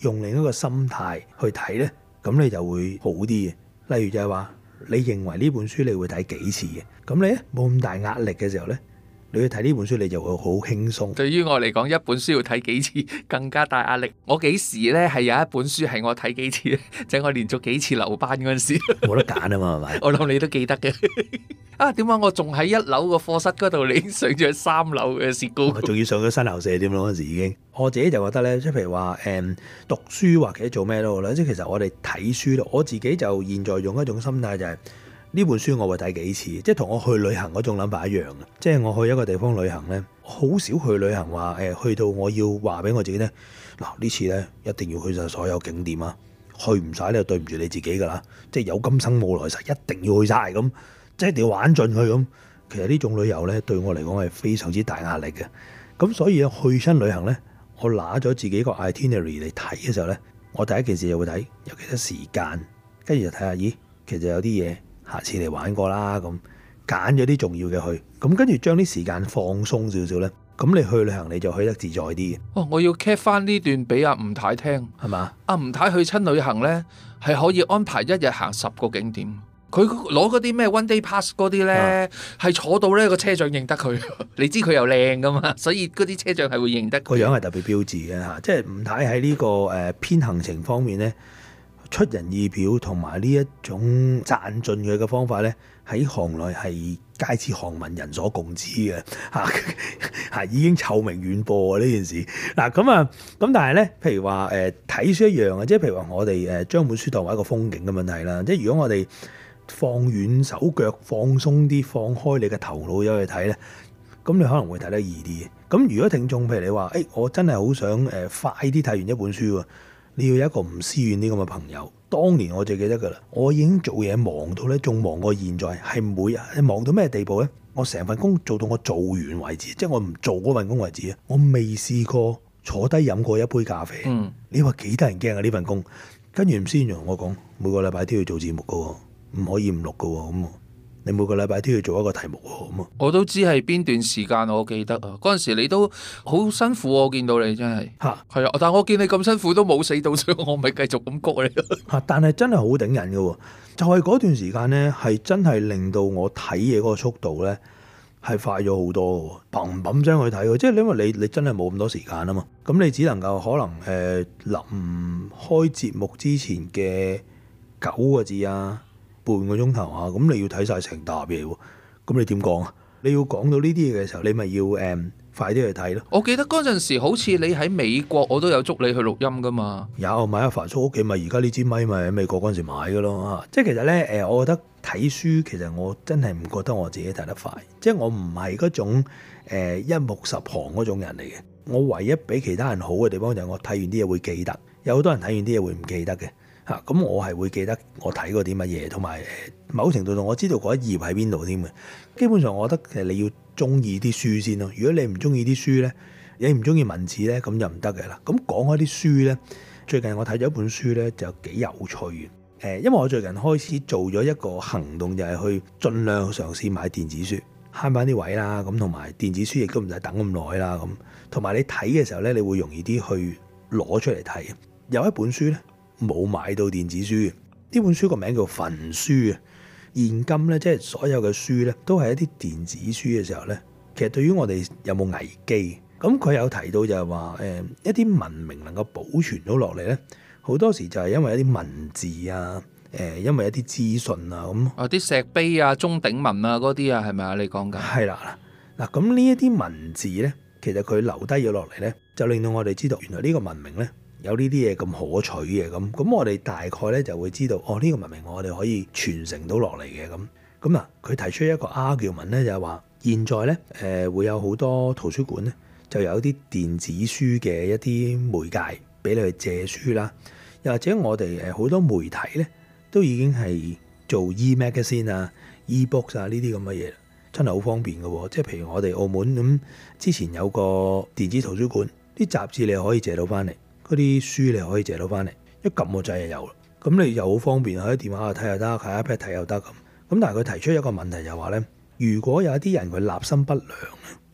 用另一個心態去睇咧。咁你就會好啲嘅。例如就係話，你認為呢本書你會睇幾次嘅？咁你咧冇咁大壓力嘅時候咧，你睇呢本書，你就會好輕鬆。對於我嚟講，一本書要睇幾次更加大壓力。我幾時咧係有一本書係我睇幾次？即 係我連續幾次留班嗰陣時，冇得揀啊嘛，係咪？我諗你都記得嘅。 啊，點解我仲喺一樓個課室嗰度，你上咗三樓嘅雪糕？仲、 啊、要上咗新校舍添咯，嗰時已經。 我自己就覺得咧，即係譬如話誒，讀書或者做咩都好啦。即係其實我哋睇書，我自己就現在用一種心態就係、是。呢本書我會睇幾次，即係同我去旅行嗰種諗法一樣嘅。即係我去一個地方旅行呢，好少去旅行話誒、哎，去到我要話俾我自己呢，嗱呢次呢一定要去晒所有景點啊，去唔晒呢對唔住你自己㗎啦。即係有今生冇來世，一定要去晒咁，即係一定要玩盡去咁。其實呢種旅遊呢對我嚟講係非常之大壓力嘅。咁所以去親旅行呢，我揦咗自己個 itinerary 嚟睇嘅時候呢，我第一件事就會睇有幾多時間，跟住就睇下咦，其實有啲嘢。下次嚟玩過啦，咁揀咗啲重要嘅去，咁跟住將啲時間放鬆少少咧，咁你去旅行你就去得自在啲。哦，我要 check 翻呢段俾阿吳太聽，係嘛？阿吳太去親旅行呢，係可以安排一日行十個景點。佢攞嗰啲咩 one day pass 嗰啲呢，係、啊、坐到呢個車長認得佢。你知佢又靚噶嘛，所以嗰啲車長係會認得佢。個樣係特別標誌嘅嚇，即係吳太喺呢、呢個誒、呃、編行程方面呢。出人意表同埋呢一種賺盡佢嘅方法咧，喺行內係皆似行文人所共知嘅嚇嚇， 已經臭名遠播啊！呢件事嗱咁啊咁，但係咧，譬如話誒睇書一樣啊，即係譬如話我哋誒將本書當為一個風景嘅問題啦，即係如果我哋放軟手腳，放鬆啲，放開你嘅頭腦有去睇咧，咁你可能會睇得易啲。咁如果聽眾，譬如你話誒、欸，我真係好想誒快啲睇完一本書喎。你要有一個吳思遠呢咁嘅朋友。當年我就記得㗎啦，我已經做嘢忙到咧，仲忙過現在。係每日你忙到咩地步咧？我成份工做到我做完為止，即係我唔做嗰份工為止啊！我未試過坐低飲過一杯咖啡。嗯，你話幾得人驚啊？呢份工跟住吳思遠同我講，每個禮拜都要做節目㗎喎，唔可以唔錄㗎喎咁。你每個禮拜都要做一個題目喎，咁我都知係邊段時間，我記得啊。嗰陣時你都好辛苦，我見到你真係嚇係啊！但係我見你咁辛苦都冇死到，所以我咪繼續咁谷你咯。 但係真係好頂人嘅喎，就係、是、嗰段時間咧，係真係令到我睇嘢嗰個速度咧係快咗好多嘅，砰砰聲去睇，即係因為你你真係冇咁多時間啊嘛。咁你只能夠可能誒、呃、臨開節目之前嘅九個字啊。半個鐘頭啊，咁你要睇晒成沓嘢喎，咁你點講啊？你要講到呢啲嘢嘅時候，你咪要誒、嗯、快啲去睇咯。我記得嗰陣時好似你喺美國，我都有捉你去錄音噶嘛。有，買阿凡叔屋企咪而家呢支咪咪喺美國嗰陣時買噶咯啊！即係其實咧誒，我覺得睇書其實我真係唔覺得我自己睇得快，即係我唔係嗰種、嗯、一目十行嗰種人嚟嘅。我唯一比其他人好嘅地方就係我睇完啲嘢會記得，有好多人睇完啲嘢會唔記得嘅。嚇咁，啊、我係會記得我睇過啲乜嘢，同埋某程度上我知道嗰頁喺邊度添嘅。基本上，我覺得其實你要中意啲書先咯。如果你唔中意啲書咧，你唔中意文字咧，咁就唔得嘅啦。咁講開啲書咧，最近我睇咗一本書咧，就幾有趣嘅。誒，因為我最近開始做咗一個行動，就係去盡量嘗試買電子書，慳翻啲位啦。咁同埋電子書亦都唔使等咁耐啦。咁同埋你睇嘅時候咧，你會容易啲去攞出嚟睇。有一本書咧。冇買到電子書，呢本書個名叫《焚書》啊。現今咧，即係所有嘅書咧，都係一啲電子書嘅時候咧，其實對於我哋有冇危機？咁佢有提到就係話，誒一啲文明能夠保存到落嚟咧，好多時就係因為一啲文字啊，誒因為一啲資訊啊咁。啊、哦！啲石碑啊、鐘鼎文啊嗰啲啊，係咪啊？你講緊？係啦，嗱咁呢一啲文字咧，其實佢留低咗落嚟咧，就令到我哋知道原來呢個文明咧。有呢啲嘢咁可取嘅，咁咁我哋大概咧就會知道哦。呢，這個文明我哋可以傳承到落嚟嘅咁咁啊。佢提出一個 argument 咧，就係話現在咧誒，呃、會有好多圖書館咧，就有啲電子書嘅一啲媒介俾你去借書啦。又或者我哋誒好多媒體咧都已經係做 e-magazine 啊、e-books 啊呢啲咁嘅嘢，真係好方便嘅喎，哦。即係譬如我哋澳門咁，嗯、之前有個電子圖書館，啲雜誌你可以借到翻嚟。嗰啲書你可以借到翻嚟，一撳個掣就有啦。咁你又好方便喺電話度睇又得，喺 iPad 睇又得咁。咁但係佢提出一個問題，就話、是、咧，如果有一啲人佢立心不良，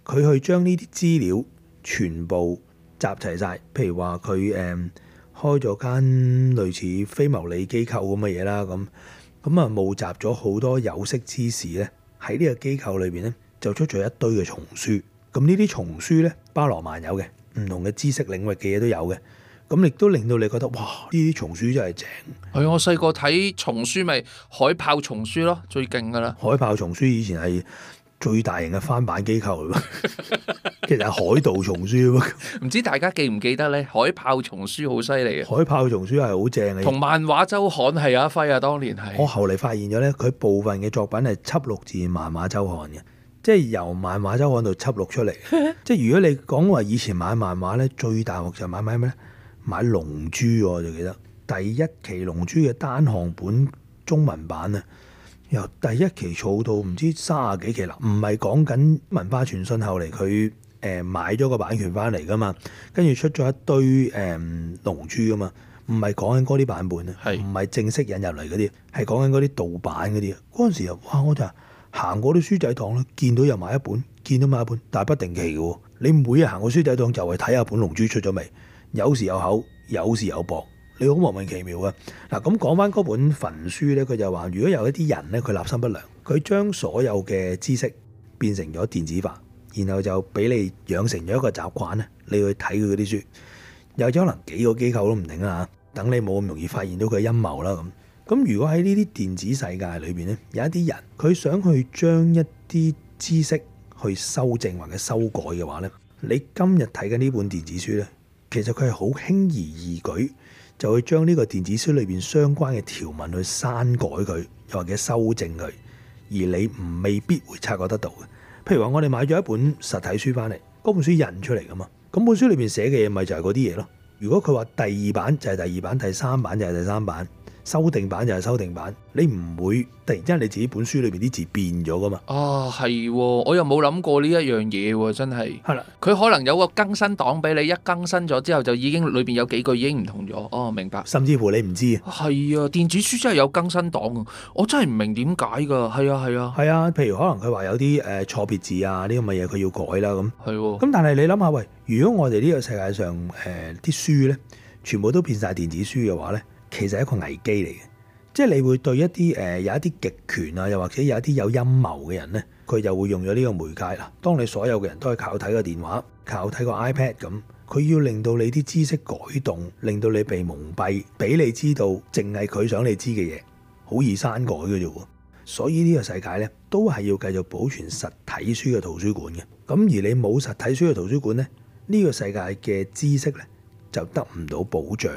佢去將呢啲資料全部集齊晒，譬如話佢誒開咗間類似非牟利機構咁嘅嘢啦，咁咁啊募集咗好多有識之士咧，喺呢個機構裏邊咧就出咗一堆嘅叢書。咁呢啲叢書咧，包羅萬有嘅，唔同嘅知識領域嘅嘢都有嘅。咁亦都令到你覺得哇！啲叢書真係正。係我細個睇叢書咪、就是、海豹叢書咯，最勁噶啦。海豹叢書以前係最大型嘅翻版機構， 其實係海盜叢書。唔 知大家記唔記得呢？海豹叢書好犀利嘅，海豹叢書係好正嘅，同漫畫周刊係有一揮啊！當年係我後嚟發現咗呢，佢部分嘅作品係輯錄自漫畫周刊嘅，即係由漫畫周刊度輯錄出嚟。 即係如果你講話以前買漫畫呢，最大鑊就買咩咩買《龍珠》，我就記得第一期《龍珠》嘅單行本中文版咧，由第一期儲到唔知卅幾期啦。唔係講緊文化傳信後嚟佢誒買咗個版權翻嚟噶嘛，跟住出咗一堆誒、嗯《龍珠》噶嘛，唔係講緊嗰啲版本咧，唔係是正式引入嚟嗰啲，係講緊嗰啲盜版嗰啲嘅。嗰陣時啊，哇！我就行過啲書仔檔咧，見到又買一本，見到買一本，但係不定期嘅。你每日行過書仔檔就係睇下本《龍珠》出咗未。有時有口，有時有薄，你好莫名其妙啊！嗱，咁講翻嗰本《焚書》呢，佢就話：如果有一啲人呢，佢立心不良，佢將所有嘅知識變成咗電子化，然後就俾你養成咗一個習慣呢，你去睇佢嗰啲書，又可能幾個機構都唔定啊！等你冇咁容易發現到佢嘅陰謀啦。咁咁，啊，如果喺呢啲電子世界裏面呢，有一啲人佢想去將一啲知識去修正或者修改嘅話呢，你今日睇緊呢本電子書呢，其實佢係好輕而易舉，就會將呢個電子書裏邊相關嘅條文去刪改佢，又或者修正佢，而你唔未必會察覺得到嘅。譬如話，我哋買咗一本實體書翻嚟，嗰本書印出嚟噶嘛，咁本書裏邊寫嘅嘢咪就係嗰啲嘢咯。如果佢話第二版就係第二版，第三版就係第三版。修訂版就係修訂版，你唔會突然之間你自己本書裏邊啲字變咗噶嘛？啊係、哦，我又冇諗過呢一樣嘢，真係。係啦，佢可能有個更新檔俾你，一更新咗之後就已經裏邊有幾句已經唔同咗。哦，明白。甚至乎你唔知啊？係啊，電子書真係有更新檔啊！我真係唔明點解噶，係啊係啊。係啊，啊，譬如可能佢話有啲誒、呃、錯別字啊呢咁嘅嘢，佢要改啦咁。係，咁、哦、但係你諗下喂，如果我哋呢個世界上誒啲、呃、書呢，全部都變晒電子書嘅話呢，其實係一個危機嚟嘅，即係你會對一啲誒、呃、有一啲極權啊，又或者有一啲有陰謀嘅人呢，佢就會用咗呢個媒介啦。當你所有嘅人都係靠睇個電話、靠睇個 iPad 咁，佢要令到你啲知識改動，令到你被蒙蔽，俾你知道淨係佢想你知嘅嘢，好易刪改嘅啫喎。所以呢個世界呢，都係要繼續保存實體書嘅圖書館嘅。咁而你冇實體書嘅圖書館呢，呢、呢個世界嘅知識呢，就得唔到保障。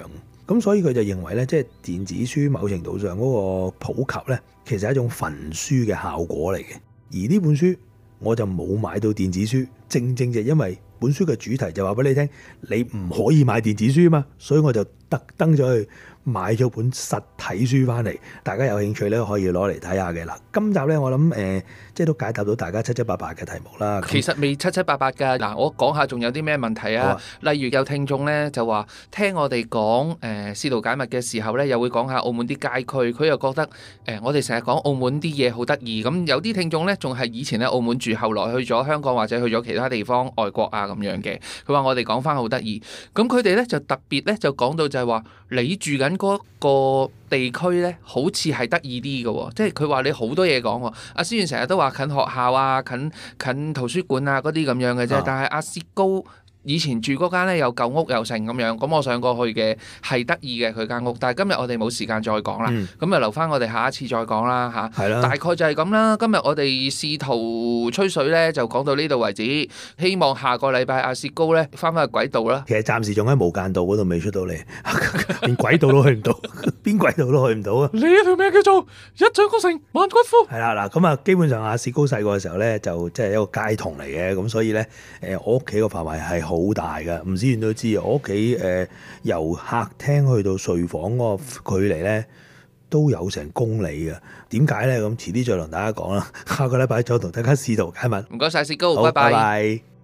咁所以佢就認為咧，即係電子書某程度上嗰個普及咧，其實係一種焚書嘅效果嚟嘅。而呢本書我就冇買到電子書，正正就因為本書嘅主題就話俾你聽，你唔可以買電子書嘛，所以我就特登咗去。買咗本實體書翻嚟，大家有興趣咧可以攞嚟睇下嘅啦。今集呢，我諗誒、呃、即係都解答到大家七七八八嘅題目啦。其實未七七八八㗎嗱，我講下仲有啲咩問題啊？啊例如有聽眾呢，就話聽我哋講誒試圖解密嘅時候呢，又會講下澳門啲街區，佢又覺得誒、呃、我哋成日講澳門啲嘢好得意。咁有啲聽眾呢，仲係以前喺澳門住，後來去咗香港或者去咗其他地方外國啊咁樣嘅。佢話我哋講翻好得意，咁佢哋呢，就特別呢，就講到就係話你住緊。嗰個地區咧，好似係得意啲嘅喎，即係佢話你好多嘢講喎。阿思遠成日都話近學校啊，近近圖書館啊嗰啲咁樣嘅啫，啊、但係阿薛高。以前住嗰間咧，有舊屋又成咁樣，咁我上過去嘅係得意嘅，佢間屋，但係今日我哋冇時間再講啦，咁就留翻我哋下一次再講啦嚇。係啦，大概就係咁啦。今日我哋試圖吹水咧，就講到呢度為止。希望下個禮拜阿薛高咧翻返去軌道啦。其實暫時仲喺無間道嗰度未出到嚟，連軌道都去唔到，邊軌道都去唔到啊！你一條命叫做一將功成萬骨枯。係啦嗱，咁啊，基本上阿薛高細個嘅時候咧，就即係一個街童嚟嘅，咁所以咧，誒我屋企個範圍係好。好大嘅，唔知你都知我屋企誒，由客廳去到睡房嗰個距離咧，都有成公里嘅。呢點解咧？咁遲啲再同大家講啦。下個禮拜再同大家試圖，QNA？唔該晒，薛高好，拜拜。拜拜